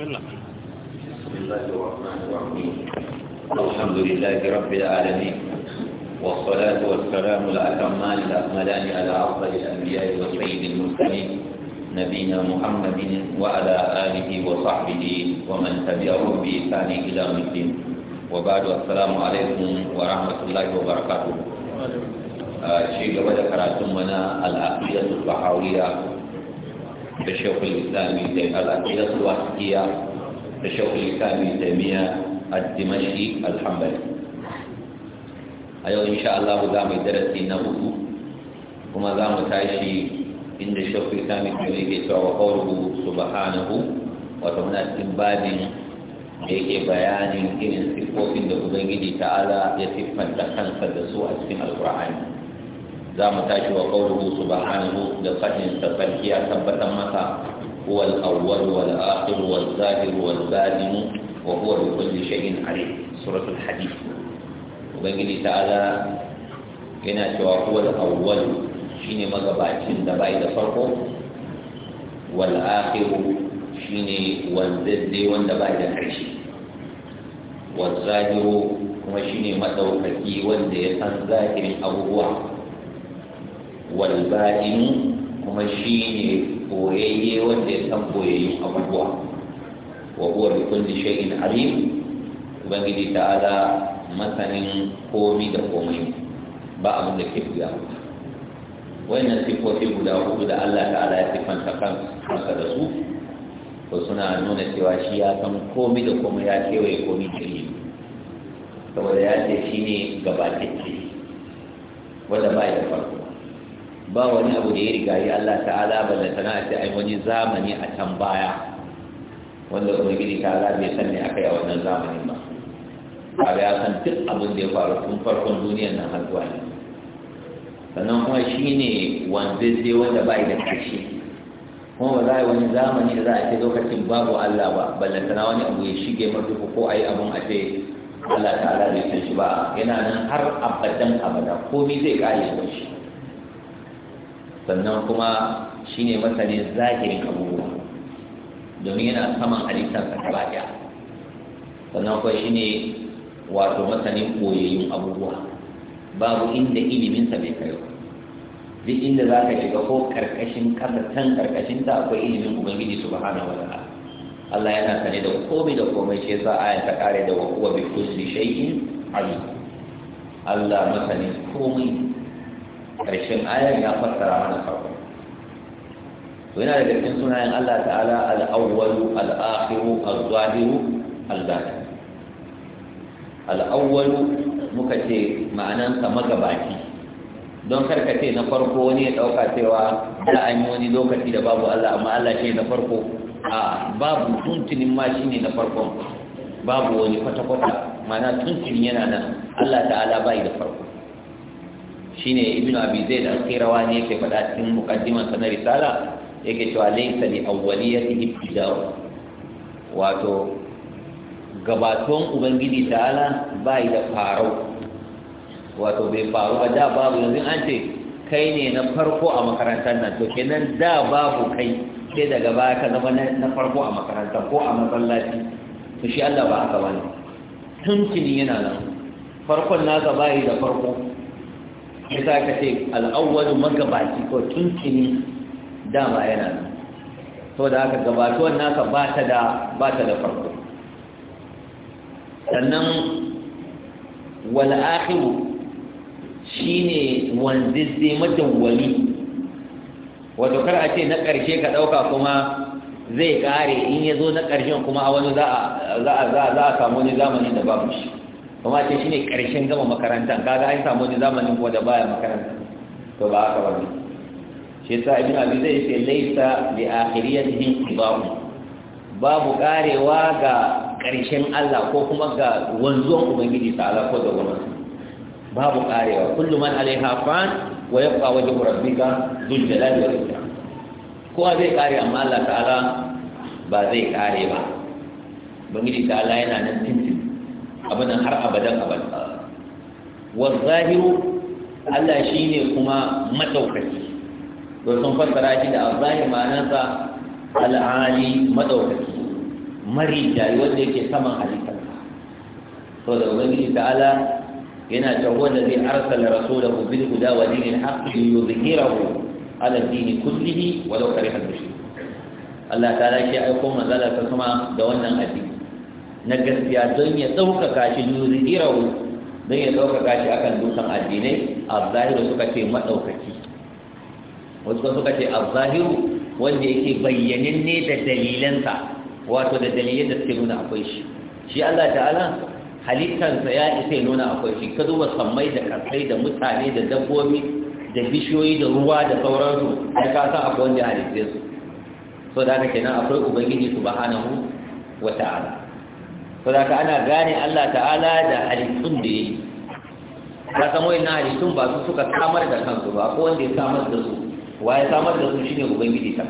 بسم الله بسم الله الرحمن الرحيم الحمد لله رب العالمين والصلاة والسلام الأتمان الأكملان على أفضل الأنبياء وسيد المرسلين نبينا محمد وعلى آله وصحبه ومن تبعهم بإحسان إلى يوم الدين وبعد السلام عليكم ورحمة الله وبركاته شيء قبل كراتمنا العقيدة البحاوية da shekul islami da al'aqidatu wasiya da shekul islami da miya a dimashi al a yau insha Allah za mu darasi na hudu kuma za mu tashi inda shekul islami da yake cewa qawluhu subhanahu wata muna cikin babin da yake bayanin irin siffofin da ubangiji ta'ala ya siffanta kansa da su a cikin alƙur'ani za mu tashi wa qawluhu subhanahu da fadin sa sarki ya tabbatar masa huwal awwal wal akhir wal zahir wal batin wa huwa bi kulli shay'in alim suratul hadid ubangiji ta'ala yana cewa huwal awwal shine magabacin da bai da farko wal akhir shine wanzadde wanda bai da karshe wal zahir kuma shine madaukaki wanda ya san zahirin abubuwa walba'inu kuma shi ne koyayye wanda ya san koyayyun abubuwa wa huwa bi kulli shay'in alim ubangiji ta'ala masanin komi da komai ba abin da ke guda wannan sifofi guda hudu da Allah ta'ala ya sifanta kansa da su to suna nuna cewa shi ya san komi da komai ya kewaye komi da ilimi saboda ya ce shi ne gabatacce wanda ba ya farko ba wani abu da ya riga yi Allah ta'ala ballanta na ce ai wani zamani a can baya wanda gini ta Allah bai san ne akai a wannan zamanin ba kaga ya san duk abin da ya faru tun farkon duniyar nan har zuwa yanzu sannan kuma shi ne wanzanzai wanda ba da ƙarshe kuma ba za a yi wani zamani da za a ce lokacin babu Allah ba ballantana wani abu ya shige matuku ko a yi abin a ce Allah ta'ala bai san shi ba yana nan har abadan abada komai zai kare da shi sannan kuma shine masanin zahirin abubuwa domin yana saman halittar ta gaba sannan kuma shine wato masanin koyayyun abubuwa babu inda iliminsa bai kai duk inda za ka shiga ko karkashin ƙasa can karkashin ta akwai ilimin ubangiji subhanahu wa ta'ala Allah yana sane da komai da komai shi yasa ayan ta kare da wa huwa bi kulli shay'in alim Allah masanin komai ƙarshen ayar ya fassara mana farko to yana da cikin sunayen Allah ta'ala al-awwalu al-akhiru al-zahiru al-zahir al-awwalu muka ce ma'anan sa magabaci don karka ce na farko wani ya dauka cewa da an yi wani lokaci da babu Allah amma Allah shi na farko a babu tuntunin ma shine na farkon babu wani kwata-kwata ma'ana tuntunin yana nan Allah ta'ala bai da farko shine Ibnu abi zaid al rawa ne yake faɗa cikin muqaddimar sa na risala yake cewa laysa li awwaliyati ibtida'u wato gabaton ubangiji ta'ala bai da farau wato bai faru ba da babu yanzu an ce kai ne na farko a makarantar nan to kenan da babu kai sai daga baya ka zama na farko a makarantar ko a masallaci to shi Allah ba haka bane tuntuni yana nan farkon naka bai da farko ya ka ce al'awwalu magabaci ko tuntuni dama yana nan to da aka gabatuwan naka bata da bata da farko sannan wal akhiru shine wanzizze madawwali wato kar a ce na ƙarshe ka ɗauka kuma zai ƙare in ya zo na ƙarshen kuma a wani za a samu wani zamanin da babu shi kuma ce shine karshen gama makaranta ga an samu wani zamanin kuma da baya makaranta to ba haka ba ne. shi yasa ibn abi zai ce laisa li akhiriyatihim qiba'u babu karewa ga ƙarshen Allah ko kuma ga wanzuwan ubangiji ta'ala ko da gwamnati babu karewa kullu man alaiha fan wa yabqa wajhu rabbika dhul jalali wal ikram kowa zai kare amma Allah ta'ala ba zai kare ba ubangiji ta'ala yana nan tintin abin har abadan abada wa zahiru Allah shine kuma madaukaki don sun fassara shi da zahir ma'anarsa al'ali madaukaki mari jayi wanda yake saman halittar to da ubangiji ta'ala yana taho wanda zai arsala rasulahu bil huda wa dinil haqq ku ala dini kullihi wa kariha al Allah ta'ala shi aiko manzala ta kuma da wannan addini na gaskiya don ya ɗaukaka shi yuzirahu don ya ɗaukaka shi akan dukan addinai a zahiru suka ce maɗaukaki wasu suka ce a zahiru wanda yake bayyanin ne da dalilansa wato da dalilin da suke nuna akwai shi shi Allah ta'ala halittarsa ya isa nuna akwai shi ka zuba sammai da kasai da mutane da dabbobi da bishiyoyi da ruwa da sauransu ka san akwai wanda ya su so da haka kenan akwai ubangiji subhanahu wa ta'ala ka ana gane Allah ta'ala da halittun da yake ka san na halittun ba su suka samar da kansu ba ko wanda ya samar da su wa ya samar da su shine ubangiji ta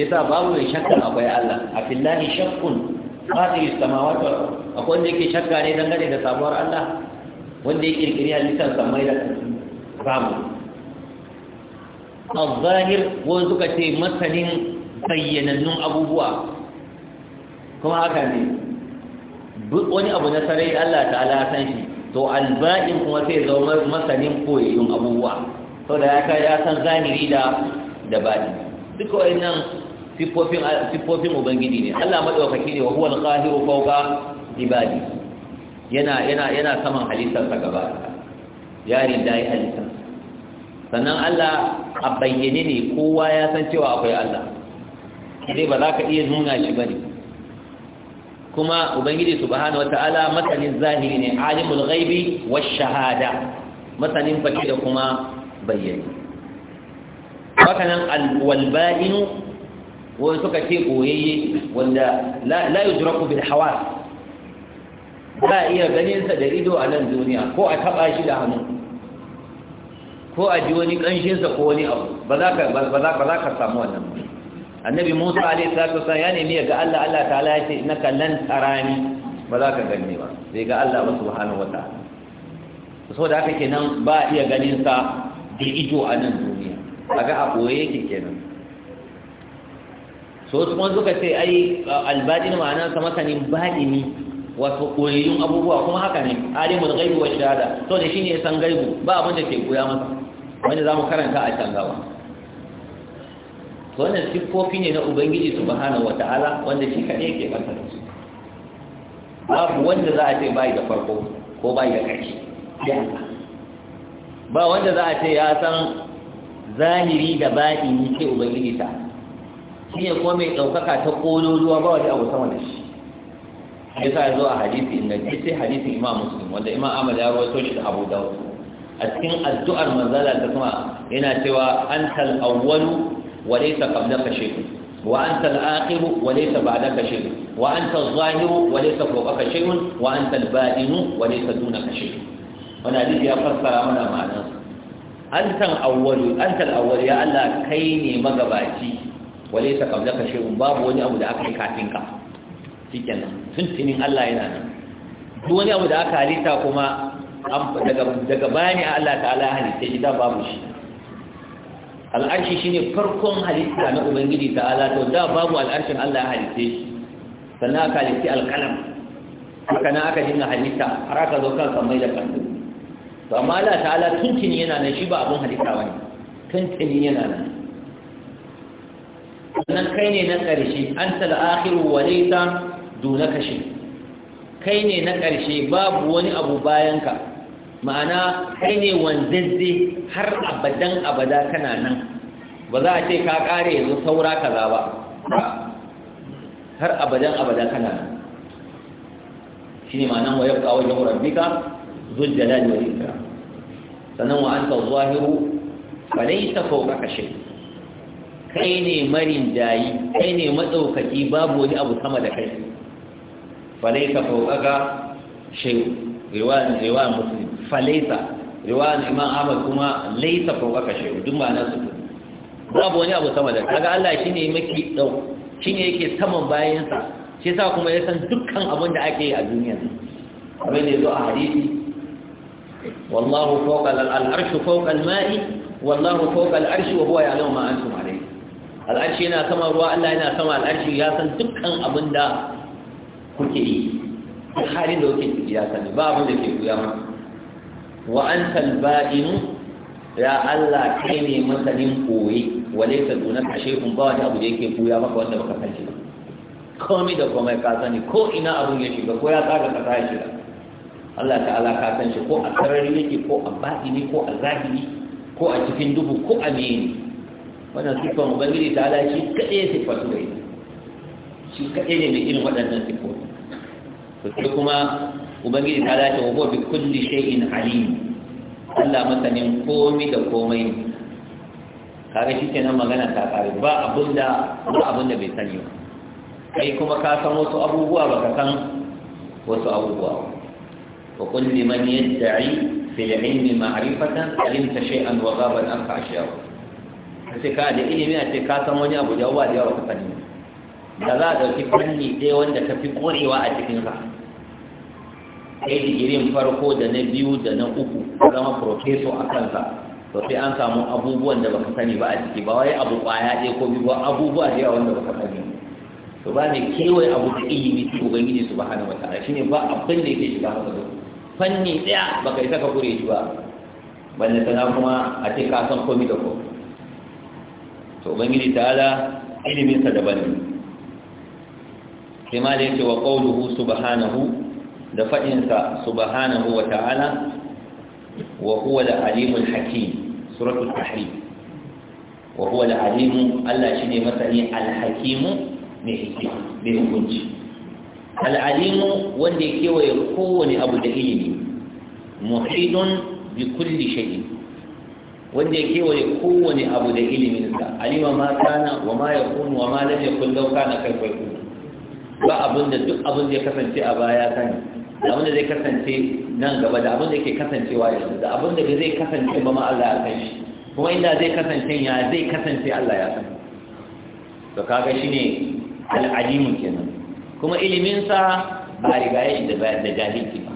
yasa babu mai shakka akwai Allah a fillahi shakkun fadi samawati wal akwai wanda yake shakka ne dangane da sabuwar Allah wanda ya kirkiri halittar samai da babu al-zahir wani suka ce masalin bayyanannun abubuwa kuma haka ne duk wani abu na sarai Allah ta'ala ya san shi to alba'in kuma sai zama masanin koyayyun abubuwa da ya kai ya san zamiri da da bani duk wannan sifofin sifofin ubangiji ne Allah madaukaki ne wa huwal qahiru fawqa ibadi yana yana yana saman halittar ta gaba ya rinda yi halittar sannan Allah a bayyane ne kowa ya san cewa akwai Allah sai ba za ka iya nuna shi bane kuma ubangiji subhanahu wataala masanin zahiri ne alimul ghaibi wash shahada masanin baki da kuma bayyani haka nan Walba'inu ba'inu wani suka ce koyayye wanda la yujraku bil hawas ba iya ganin sa da ido a nan duniya ko a taba shi da hannu ko a ji wani kanshin sa ko wani abu ba za ka ba za ka samu wannan ba annabi musa alaihi salatu wasallam ya nemi ga Allah Allah ta'ala ya ce innaka lan tarani ba za ka gane ba sai ga Allah ba subhanahu so da haka kenan ba iya ganin sa da ido a nan duniya kaga a boye yake kenan so kuma suka ce ai albadin nan sa masanin badini wasu koyayyun abubuwa kuma haka ne da ghaibi wa shahada to da shine ya san gaibu ba abin da ke koya masa wanda zamu karanta a can gaba wannan siffofi ne na ubangiji subhanahu wataala wanda shi kaɗai yake ɓanta su babu wanda za a ce bai da farko ko bai da ƙarshe ba wanda za a ce ya san zahiri da batini sai ubangiji ta shi ne kuma mai ɗaukaka ta ruwa ba wani abu sama da shi ya sa zuwa a hadisi inda sai hadisin imam muslim wanda imam amal ya rawaito shi da abu dawud a cikin addu'ar manzala ta kuma yana cewa antal awwalu وليس قبلك شيء وأنت الآخر وليس بعدك شيء وأنت الظاهر وليس فوقك شيء وأنت البائن وليس دونك شيء وانا حديث يا فسر منا معنى أنت الأول أنت الأول يا الله كيني مغباتي وليس قبلك شيء باب وني أبو دعك حكاتينك شكرا سنتين الله ينانا دوني أبو دعك حديثا كما daga bani Allah ta'ala halitta shi da babu shi al'arshi ne farkon halitta na ubangiji ta'ala to da babu al'arshin Allah ya halitte shi sannan aka halitti alƙalam haka na aka dinga halitta har aka zo kan kamar da kandu to amma Allah ta'ala tuntuni yana nan shi ba abin halitta bane tuntuni yana nan sannan kai ne na ƙarshe anta al-akhiru wa laysa dunaka kashe. kai ne na ƙarshe babu wani abu bayanka ma'ana kai ne wanzazze har abadan abada kana nan ba za a ce ka kare yanzu saura kaza ba har abadan abada kana nan shi ne ma'anan wa yabka wajen bika zuwa jalali wal ikram sannan wa anta zahiru ta laysa ka kashe kai ne marin jayi kai ne matsaukaki babu wani abu sama da kai fa laysa fawqaka shay riwayan riwayan muslim falaisa riwayan imam ahmad kuma laisa ko aka shehu duk ma'ana su babu wani abu sama da kaga Allah shine maki dau shine yake saman bayansa shi yasa kuma ya san dukkan abin da ake yi a duniya abin da yazo a hadisi wallahu fawqa al-arsh fawqa al-ma'i wallahu fawqa al-arsh wa huwa ya'lamu ma antum alayhi al-arsh yana sama ruwa Allah yana sama al-arsh ya san dukkan abin da kuke yi halin da kuke ciki ya sani babu da ke guya maka wa anta al-ba'inu ya Allah kai ne masanin koyi walaita dunan shekun, ba wani abu da yake koya maka wanda baka san shi ba komai da komai ka ni, ko ina abun ya shiga ko ya tsara ka tsaya shiga Allah ta'ala ka san shi ko a sarari yake ko a batini ko a zahiri ko a cikin dubu ko a mene wannan sifan ubangiji ala shi kaɗai kadai sifatu da ita shi kaɗai ne mai irin waɗannan sifofi to kuma ubangiji ta dace wa gobe kulli shay'in alim Allah masanin komai da komai kaga shi kenan magana ta kare ba abinda ba abinda bai sani ba kai kuma ka san wasu abubuwa ba ka san wasu abubuwa wa kulli man yad'i في العلم معرفة علمت شيئا وغاب الأنفع أشياء sai ka da ilimi a ce ka san wani abu da yawa da yawa ka sani da za a ɗauki fanni ɗaya wanda ka fi ƙorewa a cikin sa kai digirin farko da na biyu da na uku zama profeso a kansa to sai an samu abubuwan da baka sani ba a ciki ba wai abu kwaya ɗaya ko biyu abubuwa da yawa wanda baka sani to ba ne kewaye abu da ilimi su ubangiji su ba hana wata shi shine ba abin da yake shiga haka zo fanni ɗaya baka isa ka kure shi ba balle sana kuma a ce ka san komi da ko to ubangiji ta'ala ilimin sa daban ne sai ma da yake wa ƙauluhu subhanahu da faɗinsa subhanahu wa ta'ala wa huwa al-alimul hakim suratul tahrim wa huwa al-alim Allah ne masani al mai ne hikima hukunci Al'alimu wanda ya waye kowane abu da ilimi muhidun bi kulli shay wanda ya waye kowane abu da iliminsa, alima ma kana wa ma yakun wa ma lam yakun law kana kayfa ba abin da duk abin da ya kasance a baya sani da abin da zai kasance nan gaba da abin da ke kasancewa yanzu da abin da zai kasance ba ma Allah ya san shi kuma inda zai kasance ya zai kasance Allah ya san to kaga shine al-alim kenan kuma ilimin sa ba riga ya da da jahilci ba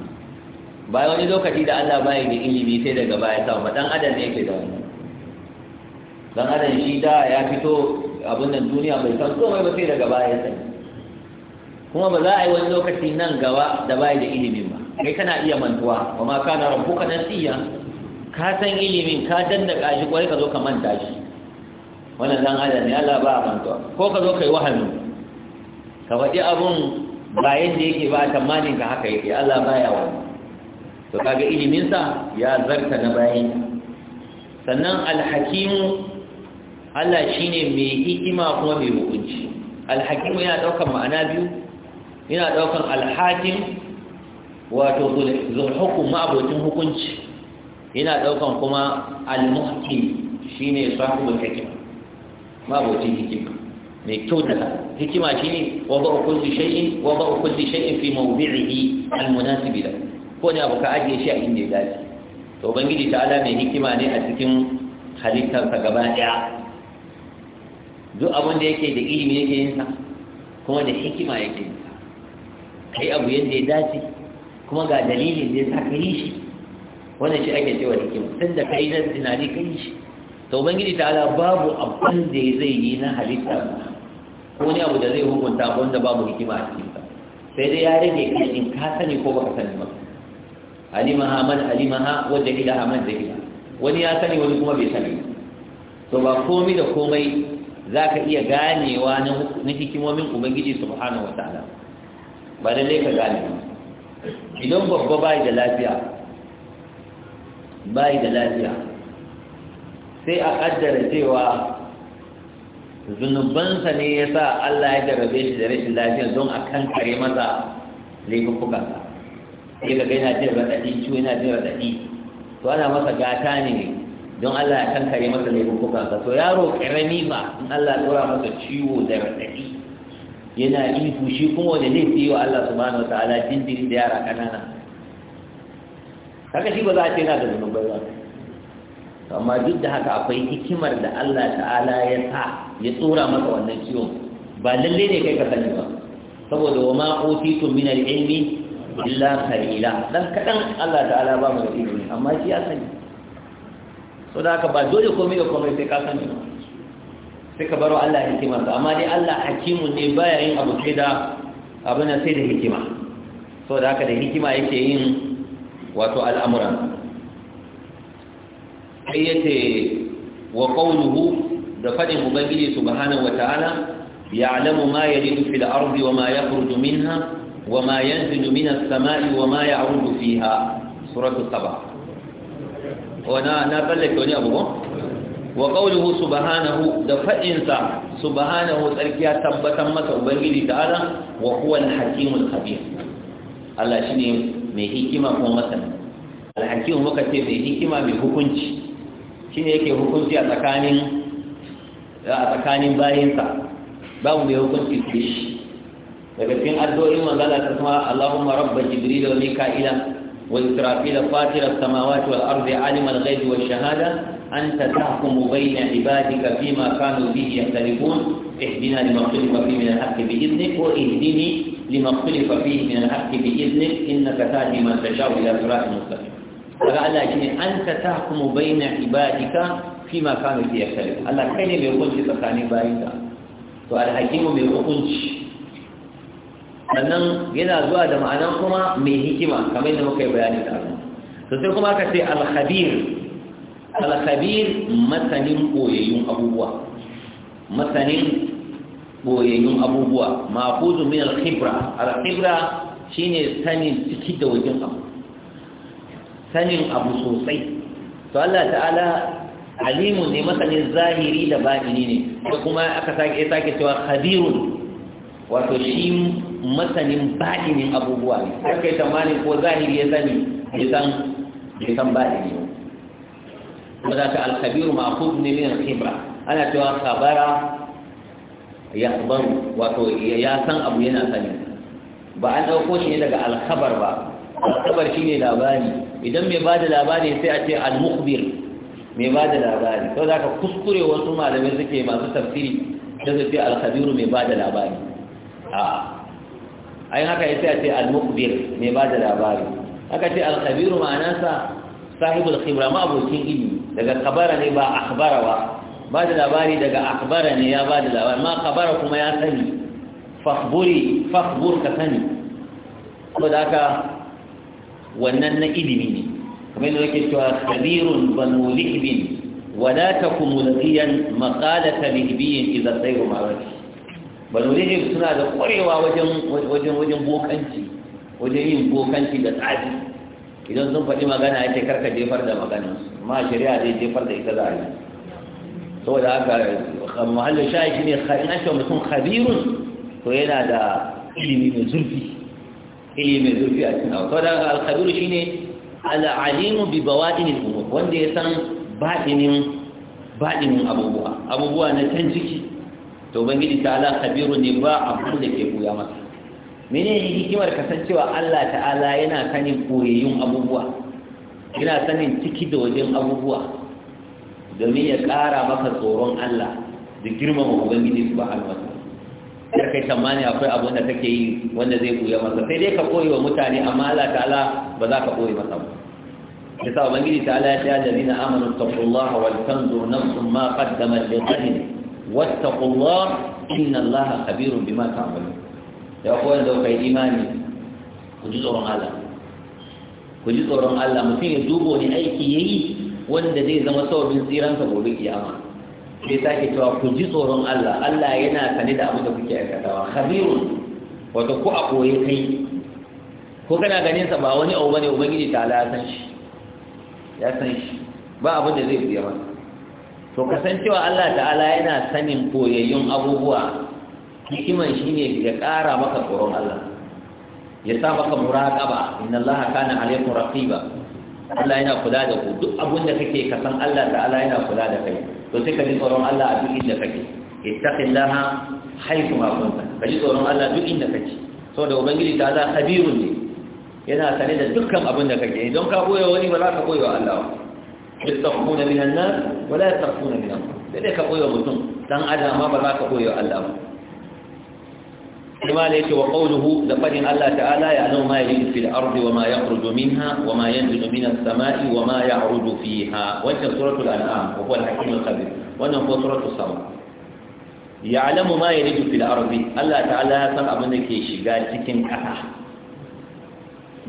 bai wani lokaci da Allah bai da ilimi sai daga baya sa ba dan adam ne yake da wannan dan adam shi da ya fito abin nan duniya bai san komai ba sai daga baya sai kuma ba za a yi wani lokaci nan gaba da bai da ilimin ba kai kana iya mantuwa Ba ma kana na siya. ka san ilimin ka danda kashi kwai ka zo ka manta shi wannan dan adam ne Allah ba mantuwa ko ka zo kai wahalin ka faɗi abun ba yadda yake ba tamanin ka haka yake Allah baya wani to kaga ilimin sa ya zarta na bayan sannan alhakimu Allah shine mai hikima kuma mai hukunci alhakimu yana daukar ma'ana biyu Ina daukan alhakim wato zulhukum abokin hukunci Ina daukan kuma almuhkim shine sahibul hikima ma'abocin hikima mai kyau da hikima ne wa ba kulli shay'in wa ba'u kulli shay'in fi mawdi'ihi almunasib da ko ne abu ka ajiye shi a inda ya dace to ta ala mai hikima ne a cikin halittarsa gaba daya duk abin da yake da ilimi yake yin sa kuma da hikima yake kai abu yadda ya dace kuma ga dalilin da ya sa ka yi shi wannan shi ake cewa hikima tun da kai nan tunani ka yi shi to ubangiji ala babu abin da zai yi na halitta ko wani abu da zai hukunta ba wanda babu hikima a cikin sai dai ya rage kai in ka sani ko baka sani ba ha man wanda wa ha man jahila wani ya sani wani kuma bai sani to ba komai da komai zaka iya ganewa na hikimomin ubangiji subhanahu wataala ba ne ka gane idan babba bai da lafiya bai da lafiya sai a kaddara cewa zunubansa ne ya sa Allah ya jarabe shi da rashin lafiya don a kan kare masa laifukansa sai ka gaina jin raɗaɗi ciwo yana jin raɗaɗi to ana masa gata ne don Allah ya kan kare masa laifukansa to yaro ƙarami ba in Allah ya tura masa ciwo da raɗaɗi yana ihu shi kuma wanda zai fi wa Allah subhanahu wa ta'ala jindirin da yara kanana haka shi ba za a ce na da zunubai ba amma duk da haka akwai hikimar da Allah ta'ala ya sa ya tsora masa wannan ciwon ba lalle ne kai ka sani ba saboda wa ma utitu min al-ilmi illa qalila dan kadan Allah ta'ala ba mu da ilimi amma shi ya sani saboda haka ba dole komai da komai sai ka sani ba suka baro Allah hikimarsa amma dai Allah hakimun ne baya yin abu sai da abin da sai da hikima so da haka da hikima yake yin wato al'amuran sai yace wa qawluhu da fadin ubangiji subhanahu wataala ya'lamu ma yajidu fil ardi wa ma yakhruju minha wa ma yanzilu minas sama'i wa ma ya'rudu fiha suratu saba wa na na tsallake wani abu ba wa qawluhu subhanahu da fa'insa subhanahu tsarkiya tabbatan masa ubangiji ta'ala wa huwa al-hakimul khabir Allah shine mai hikima kuma masani al-hakim muka ce mai hikima mai hukunci shine yake hukunci a tsakanin a tsakanin bayinsa babu mai hukunci da shi daga cikin addu'o'in manzala ta kuma Allahumma rabba jibril wa mika'ila wa israfil fatir as-samawati wal ardi alim al-ghaibi wash shahada anta tahkumu baina ibadika bima kanu bihi yaktalibun ihdina limaqtulifa fihi min alhaqi biidhnik wa ihdini limaqtulifa fihi min alhaqi biidhnik innaka tahdi man tashau ila sirati mustaqim aga allah yakini anta tahkumu baina ibadika fima kanu bihi yaktalibun allah kaini miokunchi tasani baika to alhakimu miokunchi sannan yana zuwa da ma'ana kuma mai hikima kamar yadda muka yi bayani kafin Sosai kuma aka ce alhadir alkhabir masanin boyayyun abubuwa masanin boyayyun abubuwa mafuzu min alkhibra alkhibra shine sanin ciki da wajen abu sanin abu sosai to Allah ta'ala alimun ne masanin zahiri da batini ne ko kuma aka sake sake cewa khabirun wato shi masanin batinin abubuwa ne kai tamanin ko zahiri ya sani ya san ya san batini mọdàtà alikabiru ma kú ní ní nkibra ana tí wà kabara ya ban wato ya abu yana sani ba an ɗauko ko daga alikabar ba alikabar shi ne labari idan mai bada labari sai a ce alimukubir mai bada labari sau da aka kuskure wasu malamai suke masu tafsiri da su ce alikabiru mai bada labari a a yi haka sai a ce alimukubir mai bada labari haka ce alikabiru ma'ana sa sahibul khibra ma abokin ilimi. daga kabara ne ba akhbara ba ba da labari daga akhbara ne ya ba da labari ma kabara kuma ya sani fakhburi fakhbur ka sani ko haka wannan na ilimi ne kamar yadda yake cewa khabirun banu lihbin wala takum laqiyan maqalata lihbiyin idza sayru ma'arif banu Lihbin suna da kwarewa wajen wajen wajen bokanci wajen yin bokanci da tsafi idan sun faɗi magana ya ce karka jefar da magana ma shari'a zai jefar da ita za a yi saboda haka eh, muhallin sha'i shi ne in an shawar mutum khabirun to yana da ilimi mai zurfi ilimi mai zurfi a cikin abu saboda haka alkhabiru shi ne al'alimu bi bawaɗinin umar wanda ya san baɗinin baɗinin abubuwa abubuwa na can ciki to bangiji ta ala Kabiru ne ba abin da ke buya masa menene hikimar kasancewa Allah ta'ala yana sanin koyayyun abubuwa yana sanin ciki da wajen abubuwa domin ya ƙara maka tsoron Allah da girmama ubangiji su ba halwata ya kai tamani akwai abin da kake yi wanda zai koya masa sai dai ka koyi wa mutane amma Allah ta'ala ba za ka koyi masa ba ya sa gidi ta'ala ya ta jari na amanu taqullaha wal tanzur nafsun ma qaddamat li ghadin wattaqullaha inna Allaha khabirun bima ta'malun Da ku wanda kai imani ku ji tsoron Allah ku ji tsoron Allah mutum ya dubo ne aiki yayi wanda zai zama saurin tsiransa gobe kiyama sai sake cewa ku ji tsoron Allah Allah yana sane da abin da kuke aikatawa khabirun wato ku a koyi kai ko kana ganin sa ba wani abu bane ubangiji ta Allah ya san shi ya san shi ba abin da zai biya ba. to kasancewa Allah ta'ala yana sanin koyayyun abubuwa hikiman shine ya ƙara maka tsoron Allah ya sa maka ba, inna Allah kana alaykum raqiba Allah yana kula da ku duk abin da kake ka san Allah Allah yana kula da kai to sai ka ji tsoron Allah a duk inda kake ittaqillaha haythu ma kunta ka ji tsoron Allah duk inda kake saboda ubangiji ta za khabirun ne yana sane da dukkan abin da kake idan ka koyo wani ba za ka koyo Allah ba yastaghfuna minan nas wala yastaghfuna min Allah sai ka koyo mutum dan adam ma ba za ka koyo Allah ba kimale yake wa qawluhu da farin Allah ta'ala ya annu ma yajidu fil ardi wa ma yakhruju minha wa ma yanzilu samai wa ma ya'rudu fiha wannan suratul an'am wa huwa al-hakimul khabir wannan kuma suratul sama ya'lamu ma yajidu fil ardi Allah ta'ala san abin da ke shiga cikin kasa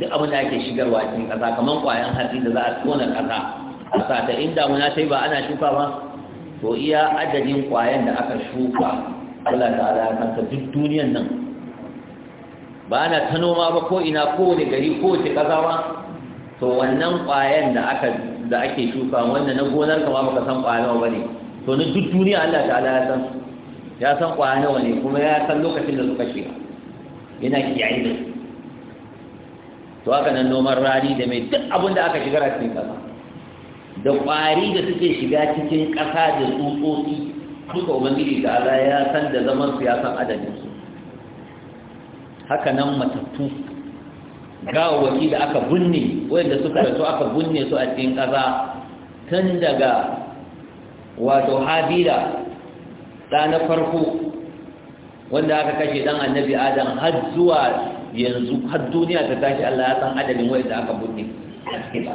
duk abin da ake shigarwa cikin kasa kaman kwayan hatsi da za a tona kasa kasa inda muna sai ba ana shuka ba to iya adadin kwayan da aka shuka Allah ta'ala ya san duk duniyar nan ba na ta noma ba ko ina ko wani gari wace ƙasa ba to wannan ƙwayan da aka da ake shuka wannan na gonar kama baka san ƙwayan ba ne, to na duk duniya Allah ala ya san ya san ƙwaya nawa ne kuma ya san lokacin da suka shiga yana kiyaye da to haka nan noman rani da mai duk abin da aka shigar a cikin ƙasa da ƙwari da suke shiga cikin ƙasa da tsutsotsi duka ubangiji da ala ya san da zaman su ya san adadin su haka nan matattu gawawaki da aka binne da suka rasu aka bunne su a cikin ƙasa tun daga wato habila ɗa na farko wanda aka kashe ɗan annabi adam har zuwa yanzu har duniya ta tashi Allah ya san adadin da aka bunne a cikin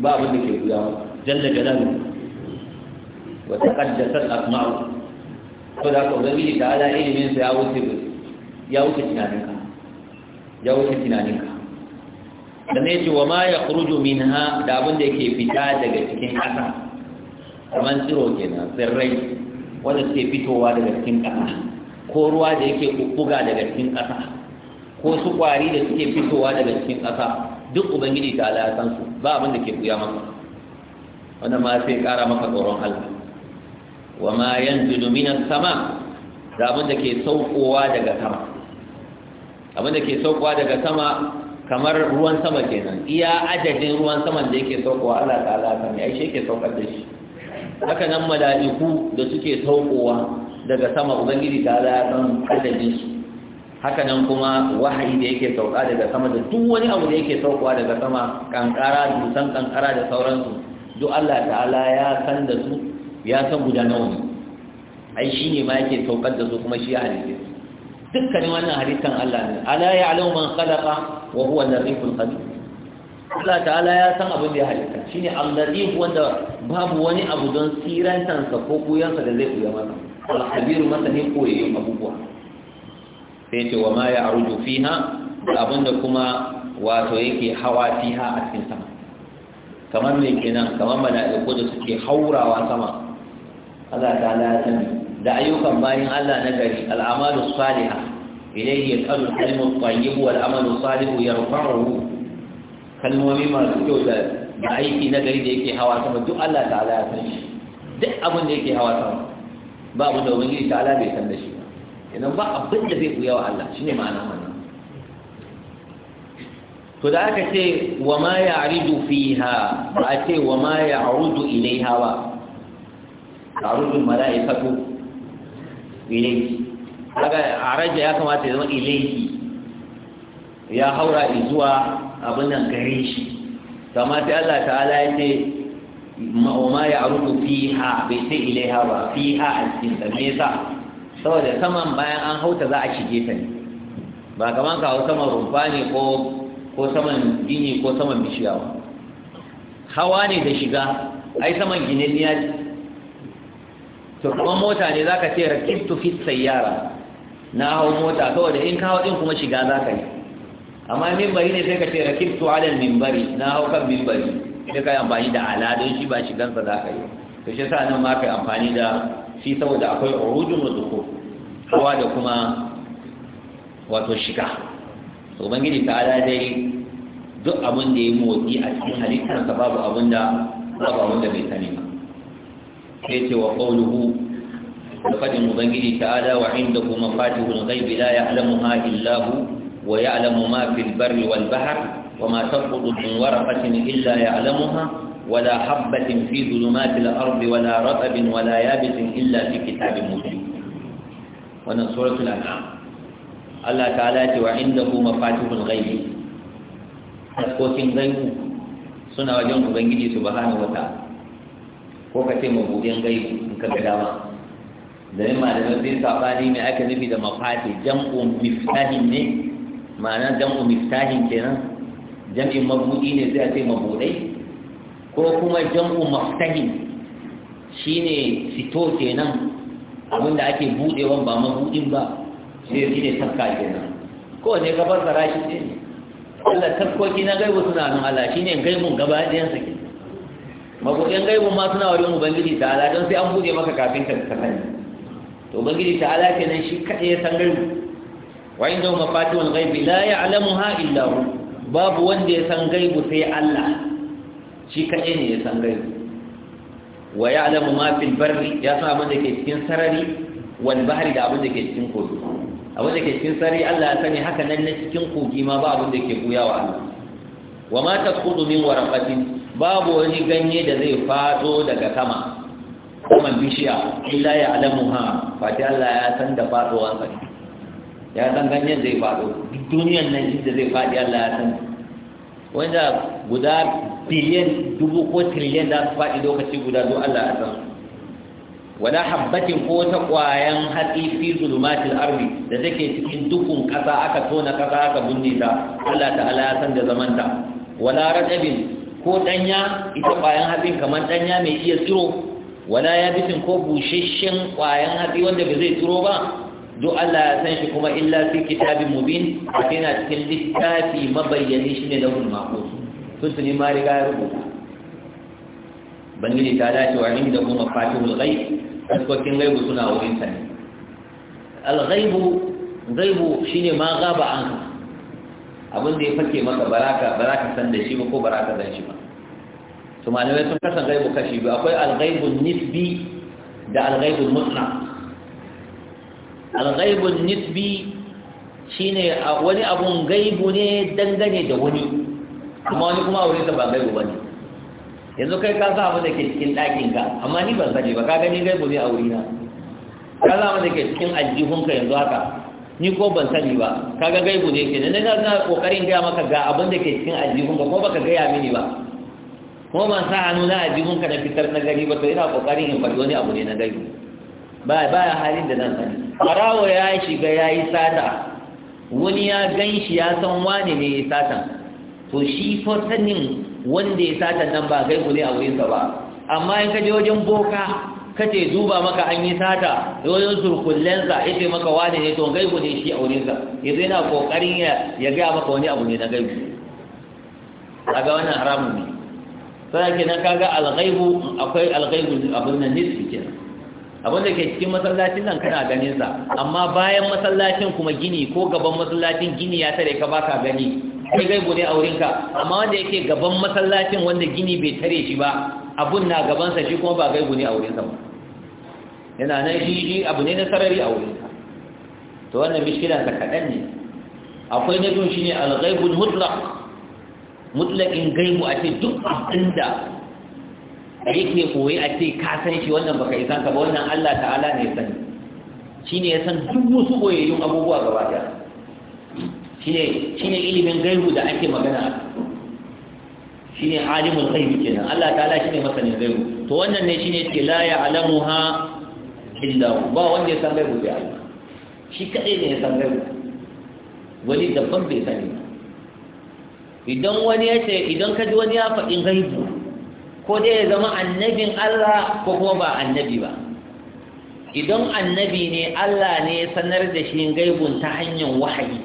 ba abin da ke guda jalla jalalu wa taqaddasat asma'u to da ko da ta ala ilimin sa ya wuce ya wuce tunaninka ya wuce tunaninka da ne ce wa ma ya kuruju min ha da abin da yake fita daga cikin ƙasa kamar tsiro kenan tsirrai wanda suke fitowa daga cikin ƙasa ko ruwa da yake buga daga cikin ƙasa ko su ƙwari da suke fitowa daga cikin ƙasa duk ubangiji ta ala san su ba abin da ke buya maka wannan ma sai ƙara maka tsoron Allah wa ma yanzu domin sama da abin da ke saukowa daga sama abin da ke saukowa daga sama kamar ruwan sama kenan iya adadin ruwan saman da yake saukowa Allah ta'ala kan ai shi yake saukar da shi haka nan mala'iku da suke saukowa daga sama ubangiji ta Allah san adadin su haka nan kuma wahayi da yake sauka daga sama da duk wani abu da yake saukowa daga sama kankara dusan kankara da sauransu duk Allah ta'ala ya san da su ya san guda nawa ne ai shine ma yake saukar da su kuma shi ya halice su dukkanin wannan halittar Allah ne ala ya'lamu man khalaqa wa huwa al-latiful khabir Allah ta'ala ya san abin da ya halitta shine al-latif wanda babu wani abu don sirantansa ko kuyansa da zai kuya masa al-khabir masanin koyayen abubuwa sai ce wa ma ya'ruju fiha abinda kuma wato yake hawa fiha a cikin sama kamar mai kenan kamar mala'iku da suke haurawa sama Allah ta'ala ya sani da ayyukan bayan Allah na gari al'amalu Saliha ilayhi ya al-kalimu at-tayyib wal amalu salih yarfa'uhu kalmomi masu kyau da da aiki na gari da yake hawa sama duk Allah ta'ala ya san shi duk abin da yake hawa sama ba abin da ubangiji ta'ala bai san da shi ba idan ba abin da zai buya wa Allah shine ma'ana wannan to da aka ce wa ma fi ha? ba a ce wa ma ilai ilaiha ba ta'rudu malaikatu ilayhi ya kamata ya zama ilayhi ya haura zuwa abin nan gare shi kama ta Allah ta'ala ya ce ma ya fi fiha bai sai ilaiha ba ha a cikin ta me saboda saman bayan an hauta za a shige ta ne ba kaman ka hau saman rumfa ne ko ko saman gini ko saman bishiya ba hawa ne da shiga ai saman gine ne to kuma mota ne zaka ce rakibtu fi sayyara na hau mota saboda in ka hau din kuma shiga zaka yi amma minbari ne sai ka ce rakibtu ala minbari na hau kan minbari sai ka yi amfani da ala don shi ba shigansa zaka yi to shi yasa nan ma kai amfani da shi saboda akwai urujun wa dukhul kowa da kuma wato shiga ubangiji ta ala dai duk abin da ya motsi a cikin halittarsa babu abin da babu abin da bai sani ba حيث وقوله القدم مبنجل تعالى وعنده مفاتح الغيب لا يعلمها إلا هو ويعلم ما في البر والبحر وما تفقد من ورقة إلا يعلمها ولا حبة في ظلمات الأرض ولا رطب ولا يابس إلا في كتاب مجيب ونصورة الأنعام الله تعالى وعنده مفاتح الغيب تسكوسين غيب سنة وجنه بنجل سبحانه وتعالى ko ka ce mabuɗin gaibu in ka ga dama domin malamin sun ni ne aka nufi da mafati jam'un miftahin ne ma'ana jam'un miftahin kenan jam'in mabuɗi ne sai a ce mabuɗai ko kuma jam'un maftahin shine fito kenan abinda ake buɗewan ba mabuɗin ba sai shi ne tafka kenan ko ne gabar farashi ne Allah tafkoki na gaibu suna nan Allah shine gaibun gaba ɗayan sa mabuɗin gaibun ma suna wajen ubangiji ala don sai an buɗe maka kafin ka sani to ubangiji ala kenan shi kaɗe ya san gaibu wa fati wani gaibi la ya ya'lamuha illa hu babu wanda ya san gaibu sai Allah shi kaɗe ne ya san gaibu wa alamu ma fil barri ya san abin da ke cikin sarari wani bahari da abin da ke cikin kogi abin da ke cikin sarari Allah ya sani haka nan na cikin kogi ma ba abin da ke buya wa Allah wa ma tasqutu min waraqatin babu wani ganye da zai fado daga sama kuma bishiya illa ya alamu ha fati Allah ya san da faduwan sa ya san ganyen zai fado duk duniyar nan da zai fadi Allah ya san wanda guda biliyan dubu ko triliyan da su fadi lokaci guda zo Allah ya san wala habbatin ko ta kwayan hatsi fi zulumatil ardi da take cikin dukun kasa aka tona kasa aka bunne ta Allah ta'ala ya san da zamanta wala radabin ko danya ita kwayan hatsin kamar danya mai iya tsiro wala ya bisin ko bushashen kwayan hatsi wanda ba zai tsiro ba Do Allah ya san shi kuma illa fi kitabin mubin a yana cikin littafi mabayyani shi ne da mako? sun su ma riga ya rubuta bangiji ta dace wa inda kuma fatihul ghaib kaskokin gaibu suna wurin sa ne al-ghaibu ghaibu shine ma gaba an abin da ya fake maka baraka baraka san da shi ba ko baraka zan shi ba to malamai sun kasan gaibu kashi biyu akwai al'gaibun nisbi da alghaibun mutlaq alghaibun nisbi shine wani abun gaibu ne dangane da wani amma wani kuma aure ta ba gaibu bane yanzu kai ka sa abu da ke cikin ɗakin ka amma ni ban sani ba ka gani gaibu ne a wurina ka sa abu da ke cikin aljihunka yanzu haka ni ko ban sani ba kaga gaibu ne kenan na na kokarin ga maka ga abin da ke cikin aljihun ba ko baka gaya mini ba ko ban sa hannu na aljihun ka na fitar na gari ba to ina kokarin in faɗi wani abu ne na gaibu ba ba halin da nan sani farawo ya shiga ya yi sata wani ya gan shi ya san wani ne ya satan to shi fa sanin wanda ya satan nan ba gaibu ne a wurin sa ba amma in ka je wajen boka kace duba maka an yi sata yoyon surkullensa ya ce maka wani ne to gaibu ne shi a wurinsa Yanzu yana kokarin ya gaya maka wani abu ne na gaibu kaga wannan haramun ne sai kenan kaga alghaibu akwai alghaibu abin nan nisfi kenan abin da ke cikin masallacin nan kana ganin sa amma bayan masallacin kuma gini ko gaban masallacin gini ya tare ka baka gani kai gaibu ne a wurinka amma wanda yake gaban masallacin wanda gini bai tare shi ba abun na gabansa shi kuma ba gaibu ne a wurinsa ba yana nan shi abu ne na sarari a wurinka to wannan mishkilan ka kaɗan ne akwai na biyun shi ne ghaibul mutlaq mutlaqin gaibu a ce duk abin da yake koyi a ce ka san shi wannan baka isan ka ba wannan Allah ta'ala ne sani Shi ne ya san duk wasu koyayyun abubuwa gaba ɗaya Shi ne ilimin gaibu da ake magana Shi shine alimul ghaibi kenan Allah ta'ala shi ne masanin gaibu to wannan ne shi shine ce la ya'lamuha indahu ba wanda ya san gaibu sai Allah shi kadai ne ya san gaibu wani daban bai sani idan wani ya ce idan ka ji wani ya faɗi gaibu ko dai ya zama annabin Allah ko kuma ba annabi ba idan annabi ne Allah ne ya sanar da shi gaibun ta hanyar wahayi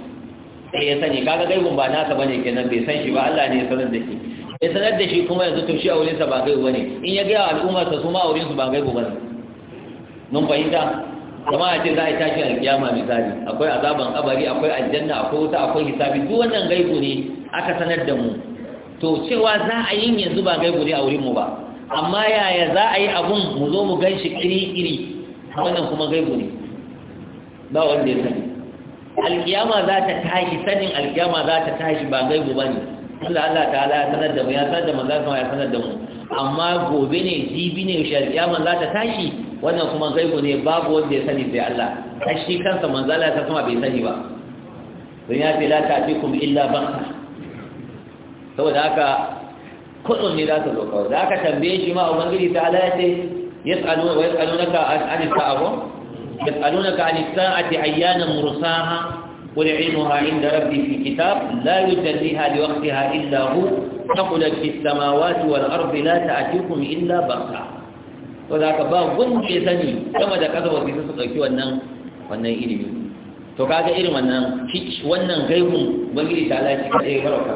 sai ya sani kaga gaibun ba nasa bane kenan bai san shi ba Allah ne ya sanar da shi ya sanar da shi kuma yanzu to shi a wurinsa ba gaibu bane in ya ga al'umma sa su ma a wurinsu ba gaibu bane mun fahimta kuma a ce za a yi tashin alkiyama misali akwai azaban kabari akwai aljanna akwai wuta akwai hisabi duk wannan gaibu ne aka sanar da mu to cewa za a yi yanzu ba gaibu ne a wurin mu ba amma yaya za a yi abun mu zo mu gan shi iri-iri wannan kuma gaibu ne ba wanda ya sani alkiyama za ta tashi sanin alkiyama za ta tashi ba gaibu ba ne Allah Allah ala ya sanar da mu ya sanar da manzo ya sanar da mu amma gobe ne jibi ne yaushe alkiyama za ta tashi wannan kuma gaibu ne babu wanda ya sani sai Allah ai shi kansa manzala ta kuma bai sani ba don ya ce la ta'tikum illa bakta saboda haka kudin ne za ta zo kawai da aka tambaye shi ma ubangiji ta ala ya ce yas'alu wa yas'alunaka an sa'abu yas'alunaka an sa'ati ayyana mursaha قل علمها عند ربي في كتاب لا يجليها لوقتها إلا هو ثقلت في السماوات والأرض لا تأتيكم illa بغتة to da ka ba wanda ya sani sama da kasa wasu su ɗauki wannan wannan ilimi to kaga irin wannan kic wannan gaibun ubangiji ta alaƙi ka ɗaya baraka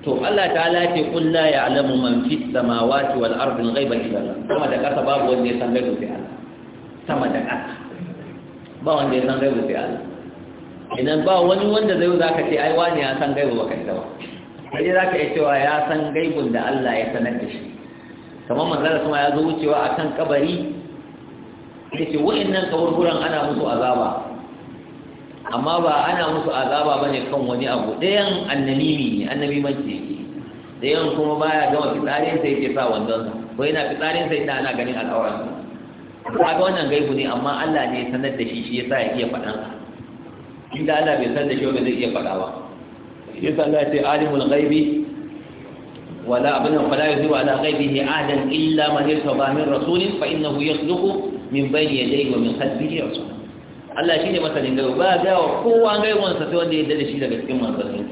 to Allah ta alaƙi kun ya alamu man fi samawati wal ardi gaiba illa Allah sama da kasa babu wanda ya san gaibu sai Allah sama da kasa ba wanda ya san gaibu sai Allah idan ba wani wanda zai ka ce ai wani ya san gaibu baka ita ba sai ka iya cewa ya san gaibun da Allah ya sanar da shi kamar manzara kuma ya zo wucewa a kan kabari da ce wa'annan wurin ana musu azaba amma ba ana musu azaba ba ne kan wani abu ɗayan annabi ne mace ne ɗayan kuma baya gama fitsarin sai ke sa wandon ko yana fitsarin sai ana ganin al'auran ba ga wannan gaibu ne amma Allah ne sanar da shi shi ya sa ya iya faɗan inda Allah bai sanar da shi wanda zai iya faɗa ba yasa Allah ya ce alimul ghaibi ولا أبنه فلا يذيب على غيبه أهدا إلا من يرتضى من رسول فإنه يخلق من بين يديه ومن خلفه رسولا Allah shine masanin gaba ba ga kowa gaiwan sa sai wanda ya dade shi daga cikin manzanni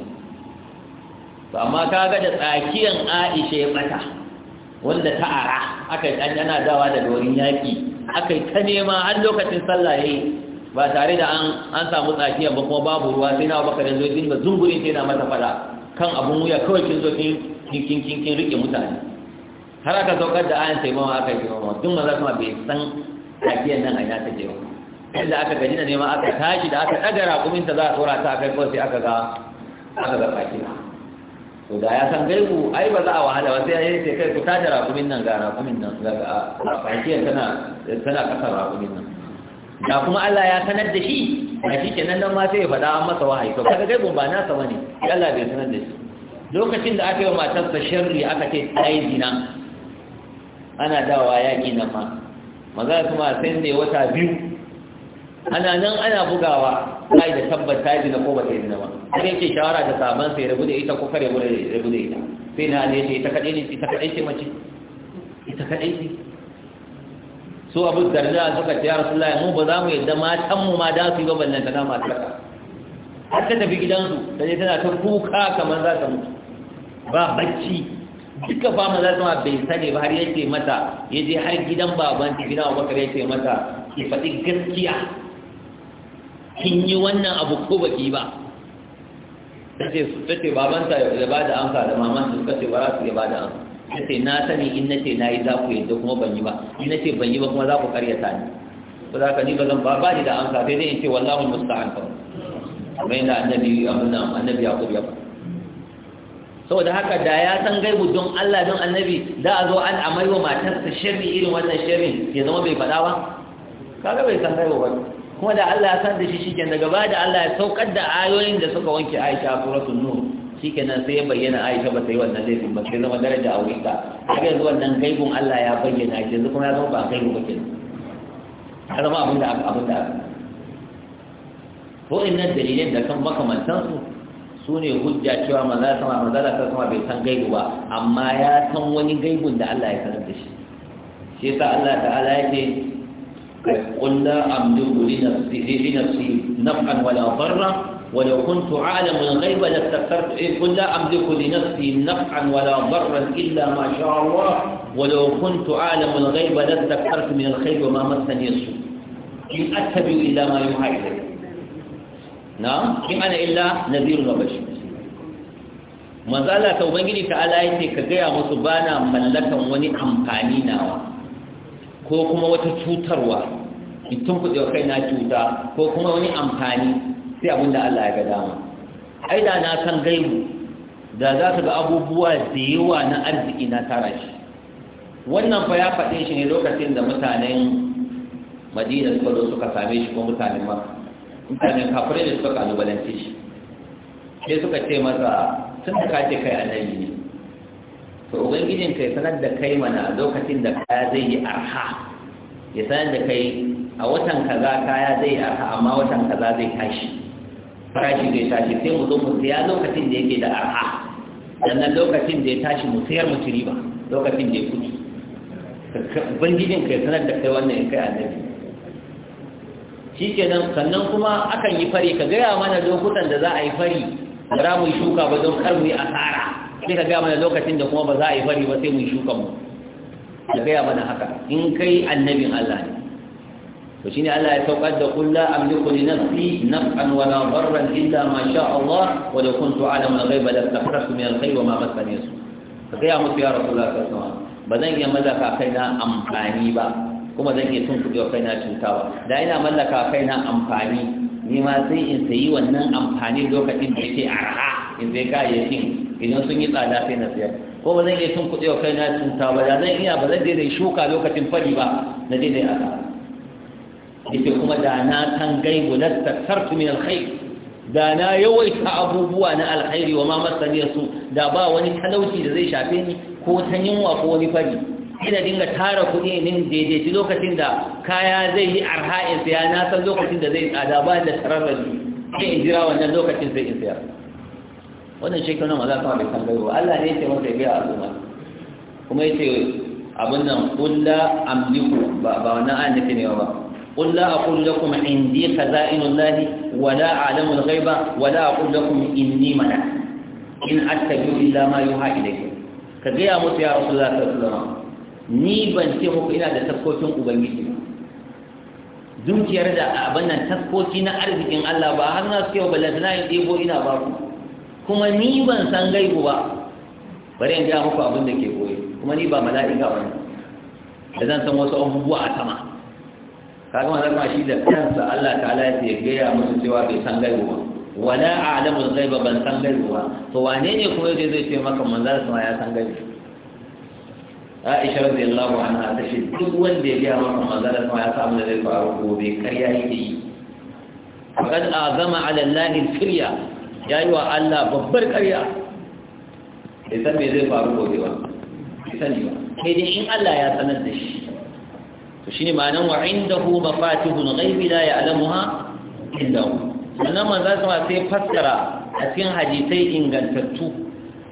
to amma kaga da tsakiyan Aisha ya mata wanda ta ara aka yi ana dawa da dorin yaki aka yi ta nema har lokacin sallah yayi ba tare da an an samu tsakiyan ba kuma babu ruwa sai na Abubakar yanzu din ba zungurin sai na mata fada kan abun wuya kawai kin zo kin kinkin kinkin rike mutane har aka saukar da ayan taimawa aka yi taimawa duk maza kuma bai san tafiyar nan a ina ta je inda aka gani na nema aka tashi da aka ɗaga raƙuminta za a tsora ta kai kawai sai aka ga aka ga na to da ya san gaibu ai ba za a wahala ba sai ya ce kai ku tada raƙumin nan ga raƙumin nan ga fakiyar tana tana kasar raƙumin nan da kuma Allah ya sanar da shi a shi kenan nan ma sai ya faɗa an masa wahayi to kaga gaibun ba nasa bane Allah bai sanar da shi lokacin da aka yi wa matarsa sharri aka ce yi zina ana dawa yaƙi nan ma maza kuma sai ne wata biyu ana nan ana bugawa ai da tabbata zina ko ba ta yi zina ba sai yake shawara da saban sai rabu da ita ko kare rabu da ita sai na ne ita kaɗai ne ita kaɗai ce mace ita kaɗai ce su abu darda suka ce ya rasu mu ba za mu yadda mu ma da su yi ba ballanta na matarka har ta tafi gidansu ta je tana ta kuka kamar za ta mutu ba bacci duka ba maza sama bai sani ba har yake mata ya je har gidan baban ta gidan abubakar yake mata ki faɗi gaskiya kin yi wannan abu ko baki ba ta ce babanta ya ba da amsa da mamanta suka ce ba za su ya ba da amsa ta ce na sani in na ce na yi za ku yadda kuma ban yi ba in na ce ban yi ba kuma za ku karyata ni ko za ka ni ba zan ba ba ni da amsa sai dai in ce wallahu musta'an kawai kamar yadda annabi annabi yaqub ya faɗa saboda haka da ya san gaibu don Allah don annabi da a zo an amai wa matarsa sharri irin wannan sharrin ya zama bai faɗa ba kaga bai san gaibu ba kuma da Allah ya san da shi shikenan daga baya da Allah ya saukar da ayoyin da suka wanke Aisha a suratul nur shikenan sai ya bayyana Aisha ba sai wannan laifin ba sai zama daraja a wurinka kaga yanzu wannan gaibun Allah ya bayyana shi yanzu kuma ya zama ba gaibu ba ke ka zama abin da abin da ko inna dalilin da kan makamantansu su ne hujja cewa maza da sama bai san gaibu ba amma ya san wani gaibun da Allah ya sanar da shi shi Allah ta'ala ya ce qul la amliku li nafsi nafsi naf'an wala darra ولو كنت أعلم الغيب لاستكثرت قل لا لنفسي نفعا ولا ضرا إلا ما شاء الله ولو كنت أعلم الغيب لاستكثرت من الخير وما مسني السوء ما يوحى na in ana illa nazirun wa bashir manzala ta ubangiji ya yace ka gaya musu bana mallakan wani amfani nawa ko kuma wata cutarwa in tun kuɗe wa kaina cuta ko kuma wani amfani sai abin da Allah ya ga dama ai da na san gaibu da za ka ga abubuwa da yawa na arziki na tara shi wannan fa ya faɗe shi ne lokacin da mutanen madina suka zo suka same shi ko mutanen Makka mutanen kafirai da suka kalubalance shi sai suka ce masa sun da kace kai annabi ne to ubangijin kai sanar da kai mana lokacin da kaya zai yi arha ya sanar da kai a watan kaza kaya zai yi arha amma watan kaza zai tashi farashi zai tashi sai mu zo mu siya lokacin da yake da arha sannan lokacin da ya tashi mu sayar mu ci riba lokacin da ya kuɗi ubangijin kai sanar da kai wannan ya kai annabi shikenan sannan kuma akan yi fari ka gaya mana lokutan da za a yi fari ba za mu shuka ba don kar mu yi asara sai ka gaya mana lokacin da kuma ba za a yi fari ba sai mu shuka mu ka gaya mana haka in kai annabin Allah ne to shine Allah ya saukar da kullu amliku li nafsi naf'an wa la darran illa ma sha Allah wa law kuntu a'lamu al-ghaiba la astafartu min al-khayr wa ma masani yasu ka gaya musu ya rasulullah sallallahu alaihi wasallam bazan iya maza ka kai na amfani ba kuma zan iya tun kuɗi wa kaina cutawa da ina mallaka kaina amfani ni ma sai in sayi wannan amfani lokacin da yake arha in zai sai kayayyakin idan sun yi tsada sai na siyar ko ba zan iya tun kuɗi wa kaina cutawa da zan iya ba zan daidai shuka lokacin fari ba na daidai asara yake kuma da na san gaibu na tattartu min alkhair da na yawaita abubuwa na alkhairi wa ma masaniya su da ba wani talauci da zai shafe ni ko ta yunwa ko wani fari ina dinga tara kuɗi min daidaiti lokacin da kaya zai yi arha in siya na san lokacin da zai tsada ba da tararrabi sai in jira wannan lokacin zai in siya wannan shekaru na maza kama bai gaiwa Allah ne ya ce masa biya al'umma kuma ya ce abin nan kulla amliku ba wannan ayan nake ne ba قل أقول لكم عندي خزائن الله ولا أعلم الغيب ولا أقول لكم إني منع إن أتبع إلا ما يوحى إليكم كجاء موسى يا رسول الله صلى الله عليه وسلم ni ban ce muku ina da tafkokin ubangiji dukiyar da abin nan tafkoki na arzikin Allah ba har na suke balanta na yin ɗebo ina ba ku kuma ni ban san gaibu ba bari in gaya muku abin da ke koyi kuma ni ba mala'ika ba ne da zan san wasu abubuwa a sama kaga ma zama shi da kansa Allah ta'ala ya gaya musu cewa bai san gaibu ba wala a'lamu al-ghaiba ban san gaibu ba to wane ne kuma zai zai ce maka manzo sama ya san gaibu Aisha radiyallahu anha ta ce duk wanda ya biya maka magana sama ya samu da zai faru gobe karya yake yi faqad azama ala allahi firya yi wa Allah babbar karya bai san me zai faru gobe ba bai sani ba kai dai shi Allah ya sanar da shi to shi shine ma'anan wa indahu mafatihul ghaibi la ya'lamuha illa hu sannan manzo sai fassara a cikin hadisai ingantattu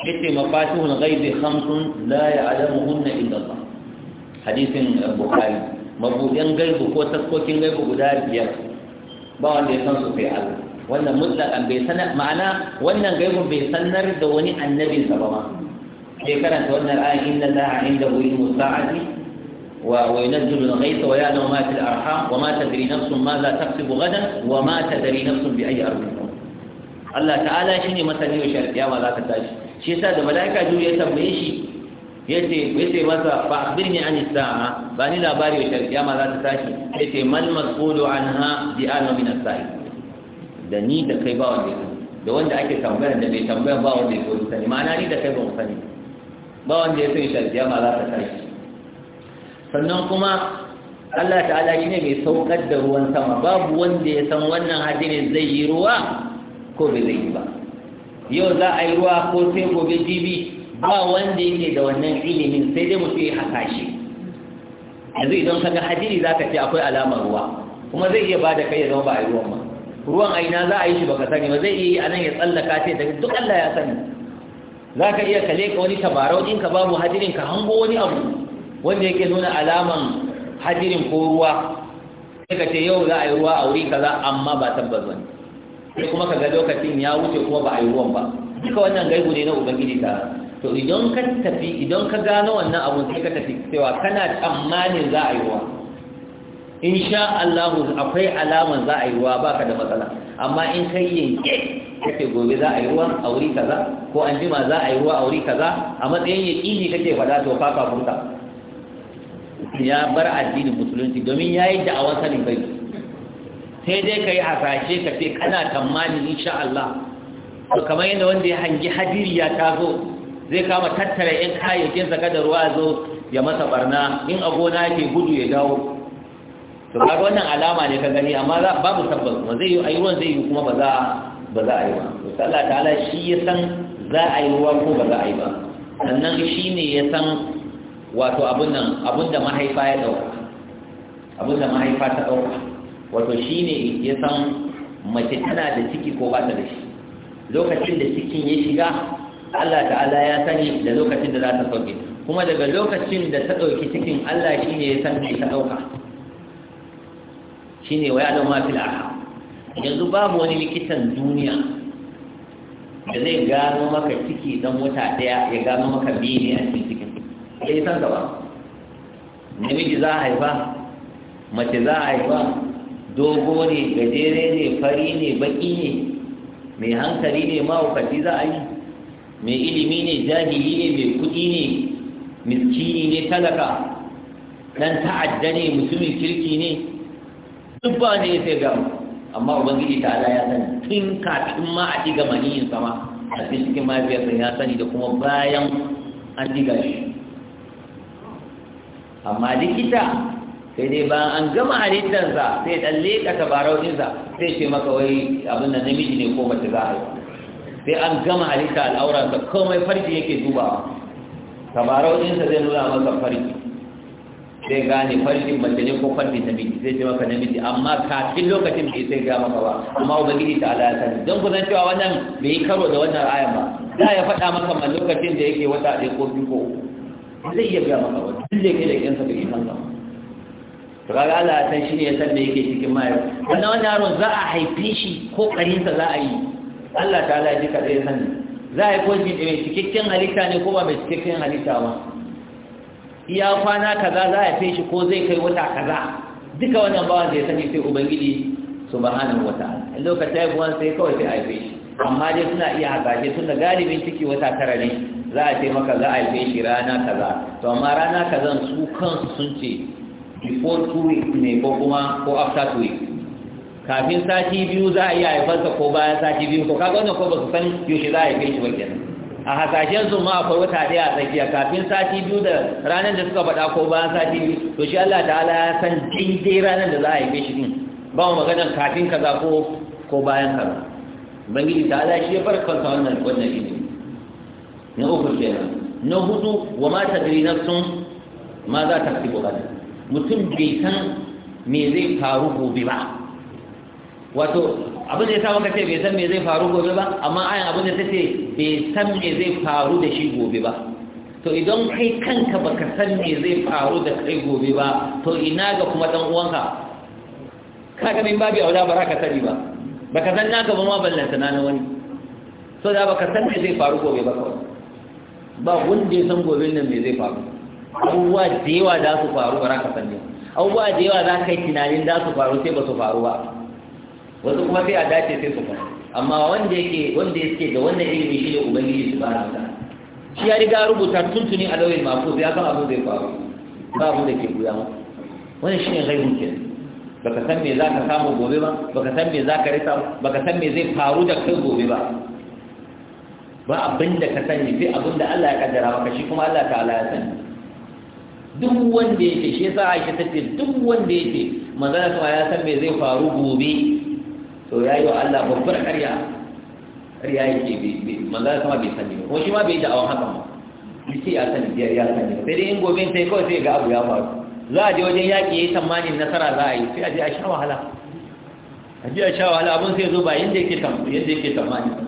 yace mafatihul ghaibi khamsun la ya'lamuhunna illa Allah hadisin bukhari mabudan gaibu ko taskokin gaibu guda biyar ba wanda san su sai Allah wannan mutlaqan bai sanar ma'ana wannan gaibun bai sanar da wani annabi sa ba ma sai karanta wannan ayan inna Allaha indahu ilmu sa'ati وينزل الغيث ويعلم ما في الأرحام وما تدري نفس ماذا تكسب غدا وما تدري نفس بأي أرض الله تعالى شنو مثلا يشارك ma za ka tashi. shi yasa da malaika ju ya tambaye shi yace ce masa fa birni an as ha ba ni labari wata ma za ta tashi yace mal an ha bi ana min as-sa'i da ni da kai ba wanda da wanda ake tambaya da bai tambaya ba wanda ya so sani ma'ana ni da kai ba mu sani ba wanda ya sani ta ma za ta tashi sannan kuma Allah ta'ala shi ne mai saukar da ruwan sama babu wanda ya san wannan hadirin zai yi ruwa ko bai zai yi ba yau za a yi ruwa ko sai gobe jibi ba wanda yake da wannan ilimin sai dai mutum ya shi yanzu idan kaga hadiri za ka ce akwai alamar ruwa kuma zai iya bada kai ya zama ba a yi ruwan ba ruwan aina za a yi shi baka sani ba zai iya anan ya tsallaka sai daga duk Allah ya sani za ka iya kale ka wani tabarau in ka babu hadirin ka hango wani abu wanda yake nuna alaman hadirin ko ruwa sai ka ce yau za a yi ruwa a wuri kaza amma ba tabbas wani sai kuma ka ga lokacin ya wuce kuma ba a yi ruwan ba duka wannan gaibu ne na ubangiji ta to idan ka tafi idan ka gano wannan abun sai ka tafi cewa kana tsammanin za a yi ruwa insha Allah akwai alaman za a yi ruwa baka da matsala amma in kai yanke kake gobe za a yi ruwa a wuri kaza ko an jima za a yi ruwa a wuri kaza a matsayin yaƙini kake faɗa to fafa furta ya bar addinin musulunci domin yayi da'awar sanin bai sai dai ka yi hasashe ka ce kana tamani insha Allah to kamar yadda wanda ya hangi hadiriya ta zo zai kama tattara 'yan saka kada ruwa zo ya masa barna in a gona yake gudu ya dawo to kaga wannan alama ne ka gani amma babu tabbas ba zai yi ayi ruwan zai yi kuma ba za ba za a yi ba to Allah ta'ala shi ya san za a yi ruwa ko ba za a yi ba sannan shi ne ya san wato abun nan abun da mahaifa ya dauka abun da mahaifa ta dauka wato shine ya san mace tana da ciki ko ba ta da shi lokacin da cikin ya shiga Allah ta'ala ya sani da lokacin da za ta sauke kuma daga lokacin da ta ɗauki cikin Allah shi ne ya san mai ta ɗauka shi ne waya don mafi laha yanzu babu wani likitan duniya da zai gano maka ciki dan wata ɗaya ya gano maka biyu ne a cikin cikin sai san gaba namiji za a haifa mace za a haifa dogo ne gajere ne fari ne baƙi ne mai hankali ne mahaukaci za a yi mai ilimi ne jahili ne mai kuɗi ne miskini ne talaka dan ta'adda ne mutumin kirki ne duk ba ne sai ga amma ubangiji ta ala ya sani tun kafin ma a diga maniyin sama a cikin mahaifiyarsa ya sani da kuma bayan an diga shi amma likita sai dai ba an gama halittarsa sai dan leka tabarautinsa sai ce maka wai abin da namiji ne ko mace za a yi sai an gama halitta al'auransa komai farji yake dubawa tabarautinsa zai nuna masa farji sai gane farjin mace ne ko farjin namiji sai ce maka namiji amma kafin lokacin bai sai ga maka ba amma gidi ta ala sani don ku san cewa wannan bai karo da wannan ayan ba za ya faɗa maka ma lokacin da yake wata ɗaya ko biyu ko zai iya ga maka wani duk da yake da ƙinsa da san ba to kaga Allah ya san shi ne ya san me yake cikin mayar? wannan wani yaron za a haife shi ko karinsa za a yi Allah ta Allah duka zai sani za a yi ko shi mai cikakken halitta ne ko ba mai cikakken halitta ba iya kwana kaza za a haife shi ko zai kai wata kaza duka wannan bawan da ya sani sai ubangiji subhanahu wata'ala lokacin haihuwan sai kawai sai haife shi amma dai suna iya hasashe tun da galibin ciki wata tara ne za a ce maka za a haife shi rana kaza to amma rana kazan su kansu sun ce before two weeks ne ko kuma ko after two weeks kafin sati biyu za a yi haifarsa ko bayan sati biyu ko kaga wannan ko ba su san yaushe za a kai shi ba a hasashen su ma akwai wata ɗaya a tsakiya kafin sati biyu da ranar da suka faɗa ko bayan sati biyu to shi Allah ta'ala ya san daidai ranar da za a yi kai shi din ba mu maganar kafin kaza ko ko bayan kaza ubangiji ta'ala shi ya farkanta wannan wannan ilimi na uku kenan na hudu wa ma tadri nafsun ma za ta kasibu gada mutum bai san me zai faru gobe ba wato abin da ya sa maka ce bai san me zai faru gobe ba amma ayan abin da ta ce bai san me zai faru da shi gobe ba to idan kai kanka baka san me zai faru da kai gobe ba to ina ga kuma dan uwanka kaga min babu aula baraka sani ba baka san naka ba ma ballanta na wani so da baka san me zai faru gobe ba kawai ba wanda ya san gobe nan me zai faru abubuwa da yawa za su faru ba raka ka abubuwa da yawa za ka yi tunanin za su faru sai ba su faru ba wasu kuma sai a dace sai su faru amma wanda yake wanda yake da wannan ilimi shi ne ubangiji su wa ta shi ya riga rubuta tuntuni a lauyin mafu ya san abin zai faru ba abin da ke guya mu wannan ne zai ke baka san me za ka samu gobe ba baka san me za ka rasa baka san me zai faru da kai gobe ba ba abin da ka sani sai abin da Allah ya kaddara maka shi kuma Allah ta'ala ya sani duk wanda yake shi yasa Aisha tace duk wanda yake manzon sa ya san me zai faru gobe to yayi wa Allah babbar ƙarya ƙarya yake bi manzon sa bai sani ba ko shi ma bai da'awan haka ba yace ya san biyar ya sani sai dai in gobe sai kawai sai ga abu ya faru za a je wajen yaƙi yayi tsammanin nasara za a yi sai a je a sha wahala a je a sha wahala abun sai zo ba yanda yake yanda yake tsammani ba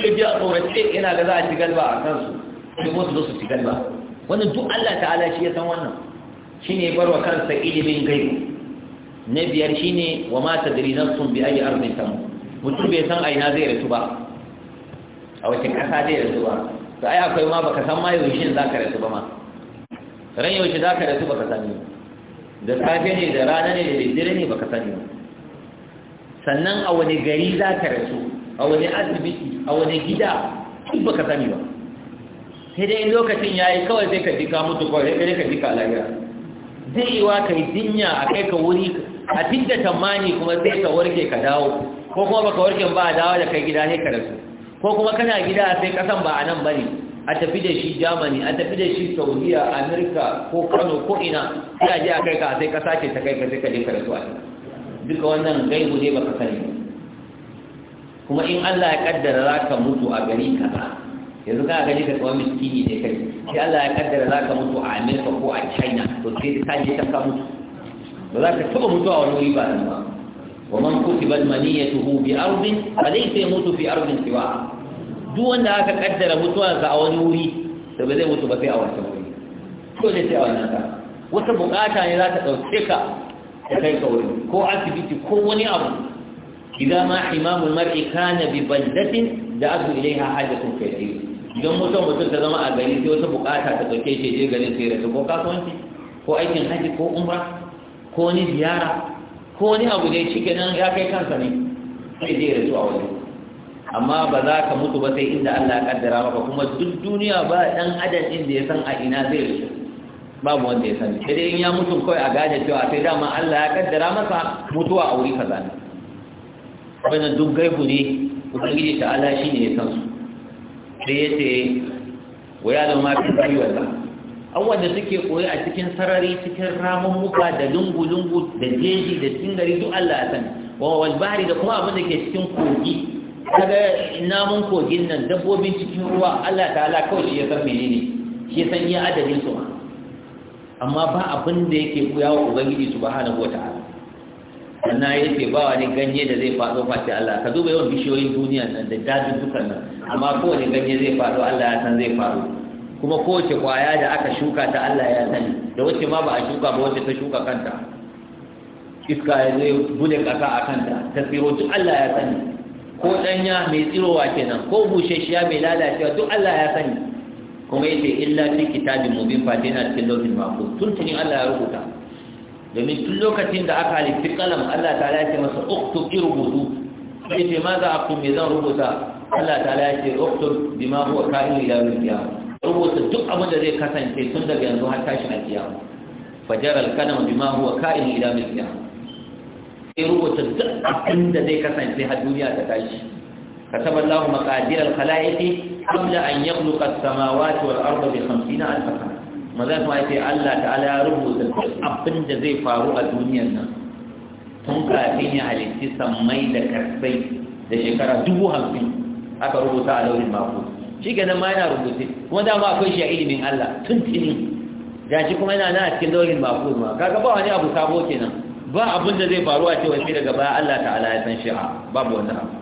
ya ji a tsorace ina ga za a ci galba a kansu sai musu zo su ci galba wannan duk Allah ta'ala shi ya san wannan shi ne bar wa kansa ilimin gaibi na biyar ne wa mata ma tadri sun bi ayi ardin tamu mutum bai san aina zai rasu ba a wace kasa zai rasu ba to ai akwai ma baka san ma yaushe za ka rasu ba ma ran yaushe za ka rasu baka sani da safe ne da rana ne da daddare ne baka sani ba sannan a wani gari za ka rasu a wani asibiti a wani gida duk baka sani ba sai dai in lokacin ya yi kawai sai ka ji ka mutu kawai sai ka ji ka lahira zai yi wa ka yi jinya a kai ka wuri a duk da tamani kuma sai ka warke ka dawo ko kuma baka warke ba a dawo da kai gida sai ka rasu ko kuma kana gida sai kasan ba a nan bane a tafi da shi germany a tafi da shi saudiya america ko kano ko ina sai a je a kai ka sai ka ce ta kai ka sai ka je ka rasu a duka wannan gaibu ne baka sani kuma in Allah ya kaddara za ka mutu a gari ka. yanzu ka gani ka tsawon miskini ne kai sai Allah ya kaddara za ka mutu a Amerika ko a China to sai ka je ta mutu ba za ka taba mutuwa wani wuri ba nan ba wa man kutiba almaniyatuhu bi ardin fa laysa yamutu fi ardin siwa duk aka kaddara mutuwa sa a wani wuri to ba zai mutu ba sai a wani wuri ko sai a wannan ta wata bukata ne za ta dauke ka ta kai ka wuri ko asibiti ko wani abu idan ma himamul mar'i kana bi baldatin da azu ilaiha hajatun fi idan mutum mutum ta zama a gari sai wata bukata ta dauke shi je garin sai rasu ko kasuwanci ko aikin haji ko umra ko ni ziyara ko ni abu dai shi kenan ya kai kansa ne sai je rasu a waje amma ba za ka mutu ba sai inda Allah ya kaddara maka kuma duk duniya ba dan adam inda ya san a ina zai rasu babu wanda ya sani sai dai in ya mutu kawai a gane cewa sai dama Allah ya kaddara masa mutuwa a wuri kaza ne wannan duk gaibu ne ubangiji ta Allah shine ya san su sai ya ya zama fi rayuwarsa abubuwan da suke koyi a cikin sarari cikin ramummuka da lungu-lungu da jeji da tingari duk Allah ya sani wa walbari da kuma abin da ke cikin kogi kaga namun kogin nan dabbobin cikin ruwa Allah ta'ala kawai shi ya san menene shi ya san iya adadin su amma ba abin da yake koyawa ubangiji subhanahu wata'ala sannan ya ce ba wani ganye da zai faɗo face Allah ka duba yawan bishiyoyin duniya nan da dajin dukan nan amma kowane ganye zai faɗo Allah ya san zai faɗo kuma kowace kwaya da aka shuka ta Allah ya sani da wacce ma ba a shuka ba wacce ta shuka kanta iska ya zai bude ƙasa a kanta ta tsiro duk Allah ya sani ko ɗanya mai tsirowa kenan ko bushashiya mai lalacewa duk Allah ya sani kuma yace illa fi kitabin mubin fatina cikin lauhin mahfuz tun tuni Allah ya rubuta domin tun lokacin da aka halitti kalam Allah ta ya ce masa uktub irbutu sai ce ma za a kun zan rubuta Allah ta ya ce uktub bima huwa ka'in ila rubiya rubuta duk abin da zai kasance tun daga yanzu har tashin alkiyama fajar alkalam bima huwa ka'in ila rubiya sai rubuta duk abin da zai kasance har duniya ta tashi كتب الله مقادير الخلائق قبل أن يخلق السماوات والأرض بخمسين ألف سنة maza su ce Allah ta'ala ya rubuta duk abin da zai faru a duniyar nan tun kafin ya halitti sammai da karsai da shekara dubu hamsin aka rubuta a laurin mako shi ga ma yana rubuce kuma dama akwai shi a ilimin Allah tun tuni da shi kuma yana nan a cikin laurin mako ma kaga ba wani abu sabo kenan ba abin da zai faru a cewa sai daga baya Allah ta'ala ya san shi a babu wani abu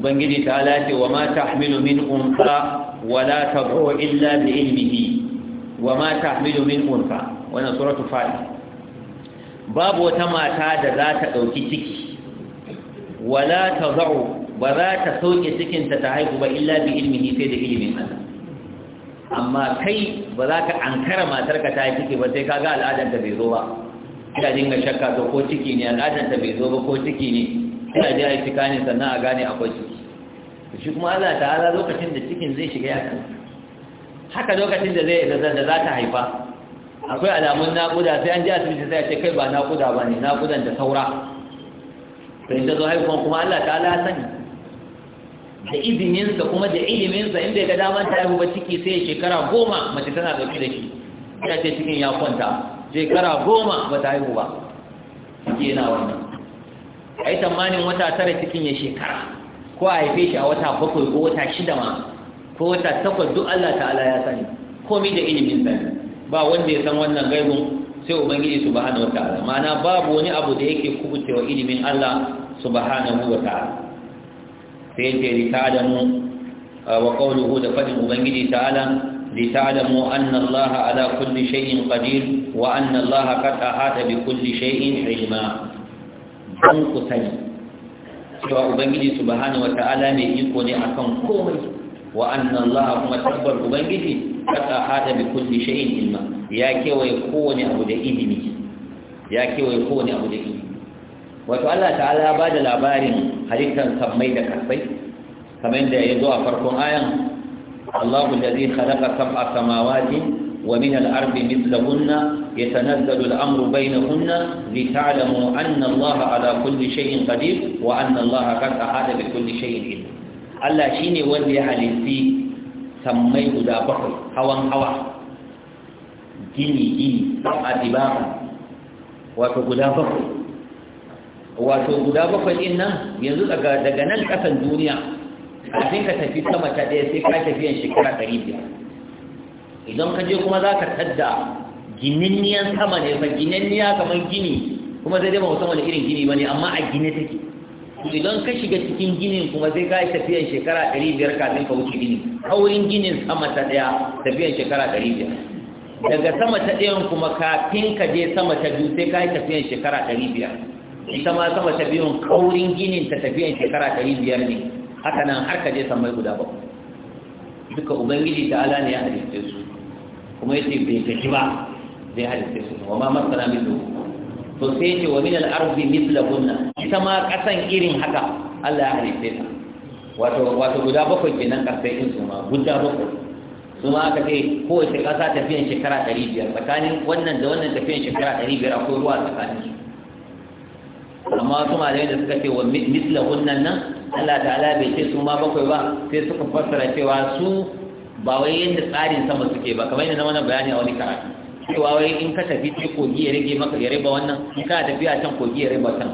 ubangiji ta ce wa mata tahmilu min unsa wala tad'u illa bi ilmihi wa ma tahmilu min unfa wannan suratu fadi babu wata mata da za ta dauki ciki wala tazau ba za ta sauke cikinta ta haihu ba illa bi ilmihi sai da ilimin Allah amma kai ba za ka ankara matarka ta yi ciki ba sai ka ga al'adar da bai zo ba ina dinga shakka ko ciki ne al'adar da bai zo ba ko ciki ne ji a yi cika ne sannan a gane akwai ciki shi kuma Allah ta'ala lokacin da cikin zai shiga haka lokacin da zai da za ta haifa akwai alamun naƙuda sai an ji asibiti sai a ce kai ba naƙuda ba ne naƙudan da saura sai ta zo haifuwan kuma Allah ta ala sani da izininsa kuma da iliminsa inda ya ga daman ta haihu ba ciki sai shekara goma mace tana ɗauki da shi ya ce cikin ya kwanta shekara goma ba ta haihu ba ciki yana wannan a yi tsammanin wata tara cikin ya shekara ko a haife shi a wata bakwai ko wata shida ma ko wata takwas duk Allah ta'ala ya sani komai da ilimin sani ba wanda ya san wannan gaibun sai ubangiji subhanahu wataala ma'ana babu wani abu da yake kubucewa ilimin Allah subhanahu wataala sai yake li ta'lamu wa qawluhu da fadin ubangiji ta'ala li ta'lamu anna Allah ala kulli shay'in qadir wa anna Allah qad ahata bi kulli shay'in ilma dan ku sani cewa ubangiji subhanahu wataala mai iko ne akan komai wa anna kuma tabbar ubangiji kada haɗa mai kulli shay'in ilma ya kewaye kowane abu da ilimi ya kewaye kowane abu da ilimi wato Allah ta'ala ba da labarin halittar sammai da kasai kamar da ya zo a farkon ayan Allahu allazi khalaqa sab'a samawati ومن الأرض مثلهن يتنزل الأمر بينهن لتعلموا أن الله على كل شيء قدير وأن الله haɗa mai بكل شيء ilma. Allah shi ne wanda ya halitti sammai guda bakwai hawan hawa gini gini a dibaka wato guda bakwai wato guda bakwai din nan yanzu daga nan kasan duniya kafin ka tafi sama ta ɗaya sai ka tafi tafiyan shekara ɗari biyar idan ka je kuma za ka tadda gininniyan sama ne fa gininniya kamar gini kuma zai dai ba musamman irin gini ba ne amma a gine take idan ka shiga cikin ginin kuma sai ka yi tafiyan shekara ɗari biyar kafin ka wuce ginin kaurin ginin sama ta ɗaya tafiyan shekara ɗari biyar daga sama ta ɗayan kuma kafin ka je sama ta biyu sai ka yi tafiyan shekara ɗari biyar ita ma sama ta biyun kaurin ginin ta tafiyan shekara ɗari biyar ne haka nan har ka je samai guda ba duka ubangiji ta ala ne ya halitta su kuma yace bai gaji ba zai halitta su wa ma masana min duhu to sai ce wa min al-ardi mithlahunna ita ma kasan irin haka Allah ya halitta ta wato wato guda bakwai ke kenan kasai din su ma guda bakwai su ma aka ce kowace ƙasa tafiyan shekara ɗari 500 tsakanin wannan da wannan tafiyan shekara ɗari 500 akwai ruwa tsakanin su amma wasu malamai da suka ce wa misla hunnan nan Allah ta'ala bai ce su ma bakwai ba sai suka fassara cewa su ba wai yadda tsarin sama suke ba kamar yadda na mana bayani a wani karatu cewa wai in ka tafi ce kogi ya rage maka ya riba wannan in ka tafi a can kogi ya riba can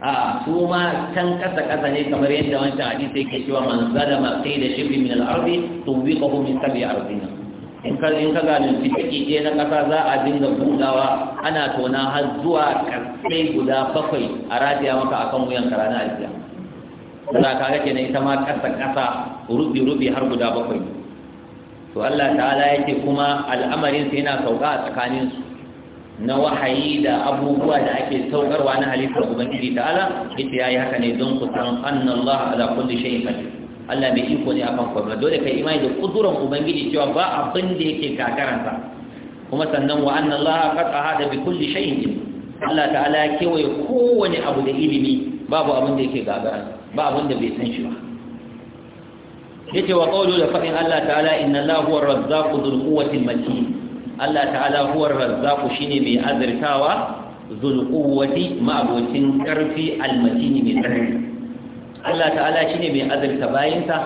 a su ma can kasa kasa ne kamar yadda wancan hadisi yake cewa man ma kai da shibri min al-ardi tuwiqahu min sabi ardina in ka in ka ci take je na kasa za a dinga budawa ana tona har zuwa karfe guda bakwai a radiya maka akan wuyan karana aljiya za ka ga kenan ita ma kasa kasa rubi rubi har guda bakwai to Allah ta'ala yake kuma al'amarin sa yana sauka a tsakanin su na wahayi da abubuwa da ake saukarwa na halittar ubangiji ta'ala yace yayi haka ne don ku san anna Allah ala kulli shay'in qadir Allah bai iko ne akan komai dole kai imani da kudurar ubangiji cewa ba abin da yake gagaransa kuma sannan wa anna Allah qad ahada bi kulli shay'in Allah ta'ala ya kewaye kowane abu da ilimi babu abin da yake gagaransa ba abin da bai san shi ba yace wa qawlu da fa'in Allah ta'ala inna Allah huwa ar-razzaqu dhul quwwati al-matin Allah ta'ala huwa ar-razzaqu shine mai azirtawa dhul quwwati ma'abucin karfi al-matin mai karfi Allah ta'ala shine mai azirta bayinsa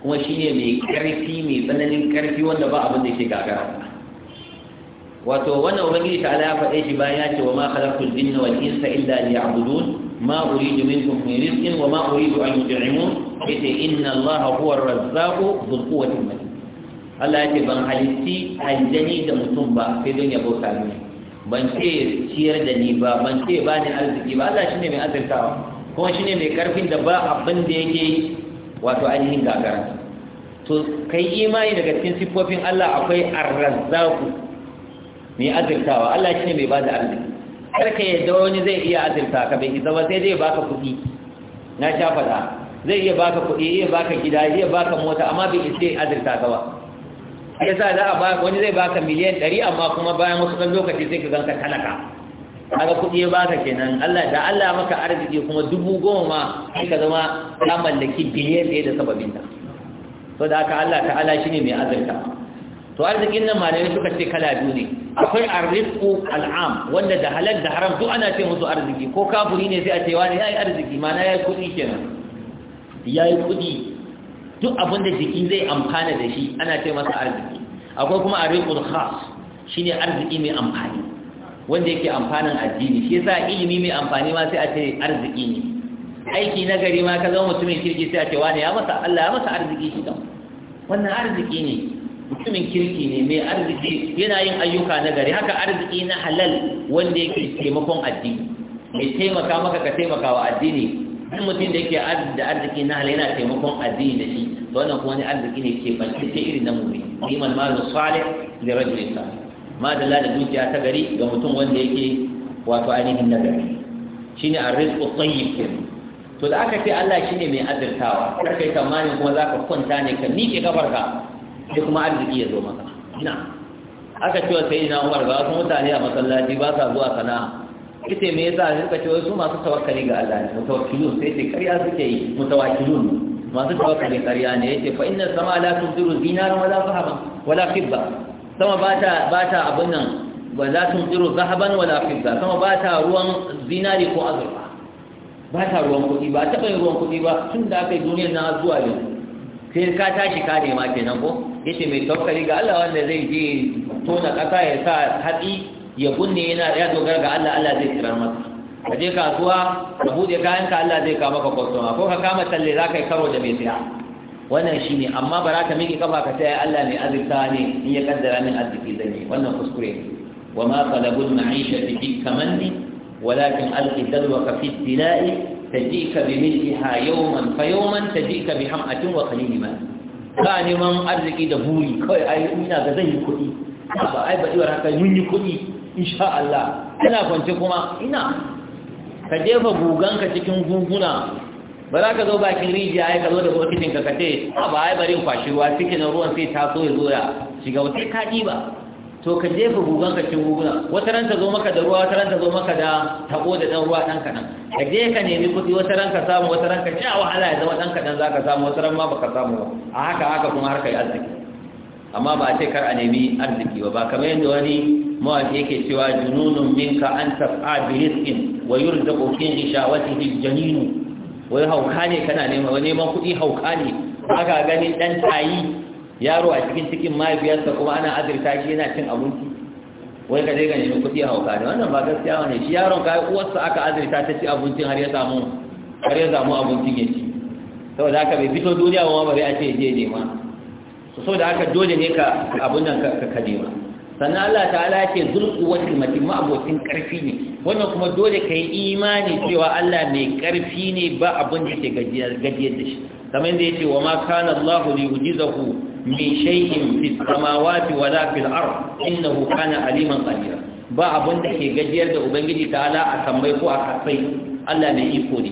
kuma shine mai karfi mai tsananin karfi wanda ba abin da yake gagara wato wannan ubangiji ta'ala ya faɗe shi bayan ya ce wa ma khalaqtul jinna wal insa illa liya'budun ma uridu minkum min rizqin wa ma uridu an yud'imun yace inna allaha huwa ar-razzaqu dhul quwwati matin Allah ya ce ban halitti aljani da mutum ba sai don ya bauta mini ban ce ciyar da ni ba ban ce ba ni arziki ba Allah shine mai azurtawa kuma shine mai karfin da ba abin da yake wato ainihin gagara to kai imani daga cikin siffofin Allah akwai arrazzaku mai azurtawa Allah shine mai bada arziki kar ka yadda wani zai iya azurta ka bai isa ba sai dai baka kuɗi na sha fada zai iya baka kuɗi iya baka gida iya baka mota amma bai isa azurta ka ba sa za a ba wani zai baka miliyan ɗari amma kuma bayan wasu ɗan lokaci sai ka ganka talaka kaga kuɗi ya baka kenan Allah da Allah maka arziki kuma dubu goma ma sai ka zama ka mallaki biliyan ɗaya da sababin ta to haka Allah ta'ala shine mai azurta to arzikin nan malami suka ce kala biyu ne akwai arziku al'am wanda da halal da haram duk ana ce musu arziki ko kafuri ne sai a ce wani yayi arziki mana yayi kuɗi kenan yayi kuɗi duk abin da jiki zai amfana da shi ana ce masa arziki akwai kuma arzikul khas shine arziki mai amfani wanda yake amfanin addini shi yasa ilimi mai amfani ma sai a ce arziki ne aiki na gari ma ka zama mutumin kirki sai a ce wani ya masa Allah ya masa arziki shi kan wannan arziki ne mutumin kirki ne mai arziki yana yin ayyuka na gari haka arziki na halal wanda yake taimakon addini mai taimaka maka ka taimaka wa addini duk mutum da yake da arziki na halal yana taimakon addini da shi to wannan kuma ne arziki ne ke bantacce irin na mummi liman malu salih li rajulin salih ma da la da dukiya ta gari ga mutum wanda yake wato ainihin na gari shine arrizqu tayyib kenan to da aka ce Allah shine mai azurtawa kar kai tamanin kuma zaka kwanta ne ka gabar ka. sai kuma arziki ya zo maka ina aka cewa sai ina umar ba wasu mutane a masallaci ba sa zuwa sana'a ita me yasa ka ce wasu masu tawakkali ga Allah ne mutawakkilun sai ce ƙarya suke yi mutawakkilun masu tawakkali ƙarya ne yace fa inna sama la tunziru dinar wala zahaban wala fidda sama bata ta abun nan wala tunziru zahaban wala fidda sama bata ruwan zinari ko azurfa Ba ta ruwan kuɗi ba taɓa yin ruwan kuɗi ba tun da aka yi duniyar na zuwa yau sai ka tashi ka nema kenan ko yace mai tawakkali ga Allah wanda zai je tona kasa ya sa hatsi ya bunne yana ya dogara ga Allah Allah zai kira masa ka kasuwa ka buɗe kayan Allah zai kama ka kwastoma ko ka kama talle za ka yi karo da mai siya wannan shi ne amma ba za ka miƙe kafa ka sai Allah mai azurta ne in ya kaddara min arziki zan yi wannan kuskure wa ma talabul ma'isha fi bi kamanni walakin alqi dalwaka fi tila'i tajika bi milkiha yawman fa yawman tajika bi ham'atin wa qalilin ba neman arziki da buri kawai ai ina ga zan yi kuɗi ba ai ba iwar haka mun yi kuɗi insha Allah ina kwance kuma ina ka jefa guganka cikin guguna ba za ka zo bakin rijiya ya ka zo da bokitin ka kace ba ai bari kwashi ruwa cikin ruwan sai taso ya zo ya shiga wata kaɗi ba to ka jefa gugan ka cikin guguna wata ran ta zo maka da ruwa wata ran ta zo maka da tabo da dan ruwa dan kadan ka je ka nemi kudi wata ran ka samu wata ran ka ci a wahala ya zama dan kadan zaka samu wata ran ma baka samu a haka haka kuma har kai arziki amma ba a ce kar a nemi arziki ba ba kamar yadda wani mawaki yake cewa jununun minka an taf'a bi rizqin wa yurzaqu fi shawatihi janinu wai hauka ne kana nema wani neman kuɗi hauka ne aka gani dan tayi yaro a cikin cikin mahaifiyarsa kuma ana azirta shi yana cin abinci wai ka dai ganin kuɗi a hauka ne wannan ba gaskiya ba ne shi yaron ka uwarsa aka azirta ta ci abincin har ya samu har ya samu abincin ya ci saboda haka bai fito duniya ba bari a ce je nema saboda haka dole ne ka abun nan ka ka nema sannan Allah ta'ala yake zulquwati matin ma'abotin karfi ne wannan kuma dole kai imani cewa Allah mai karfi ne ba abin da ke gajiyar da shi kamar yadda yake wa ma kana Allah li yujizahu min shay'in fi samawati wala fil ard innahu kana aliman qadira ba abun da ke gajiyar da ubangiji ta'ala a tambayi ko a kasai Allah mai iko ne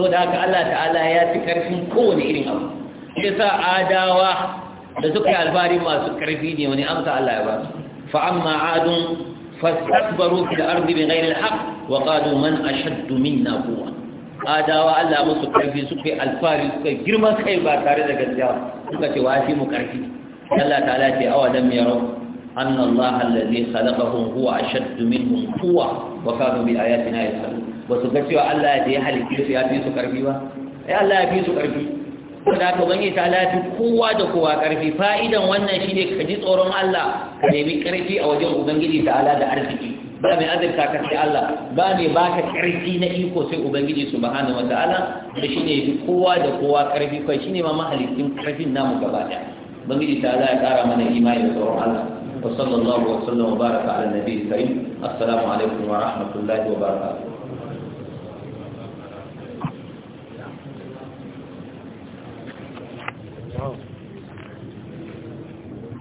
so da haka Allah ta'ala ya fi karfin kowane irin abu sa adawa da suka yi masu karfi ne wani amsa Allah ya ba su fa amma adun fastakbaru fil ardi bighairi alhaq wa qalu man ashaddu minna quwwa adawa Allah musu karfi suka yi alfari suka girma kai ba tare da gaskiya suka ce wa fi mu karfi Allah ta ta'ala ce awalam yarau anna Allah allazi khalaqahum huwa ashaddu minhum quwwa wa kanu bi ayatina yasal ba su ga cewa Allah ya ya halitta su ya fi su karfi ba ai eh, Allah ya fi su karfi saboda ka bangi ta lafi kowa da kowa karfi fa'idan wannan shine ka ji tsoron Allah ka nemi karfi a wajen ubangiji ta'ala da arziki ba mai azurta ka sai Allah ba ne ba ka ƙarfi na iko sai Ubangiji subhanahu wa ta'ala da shi ne fi kowa da kowa ƙarfi kai shi ne ma mahalicin ƙarfin namu gaba ɗaya Ubangiji ta Allah ya ƙara mana imani da tsoron Allah wa sallallahu wa sallam wa baraka ala nabi karim assalamu alaikum wa rahmatullahi wa barakatuh Oh.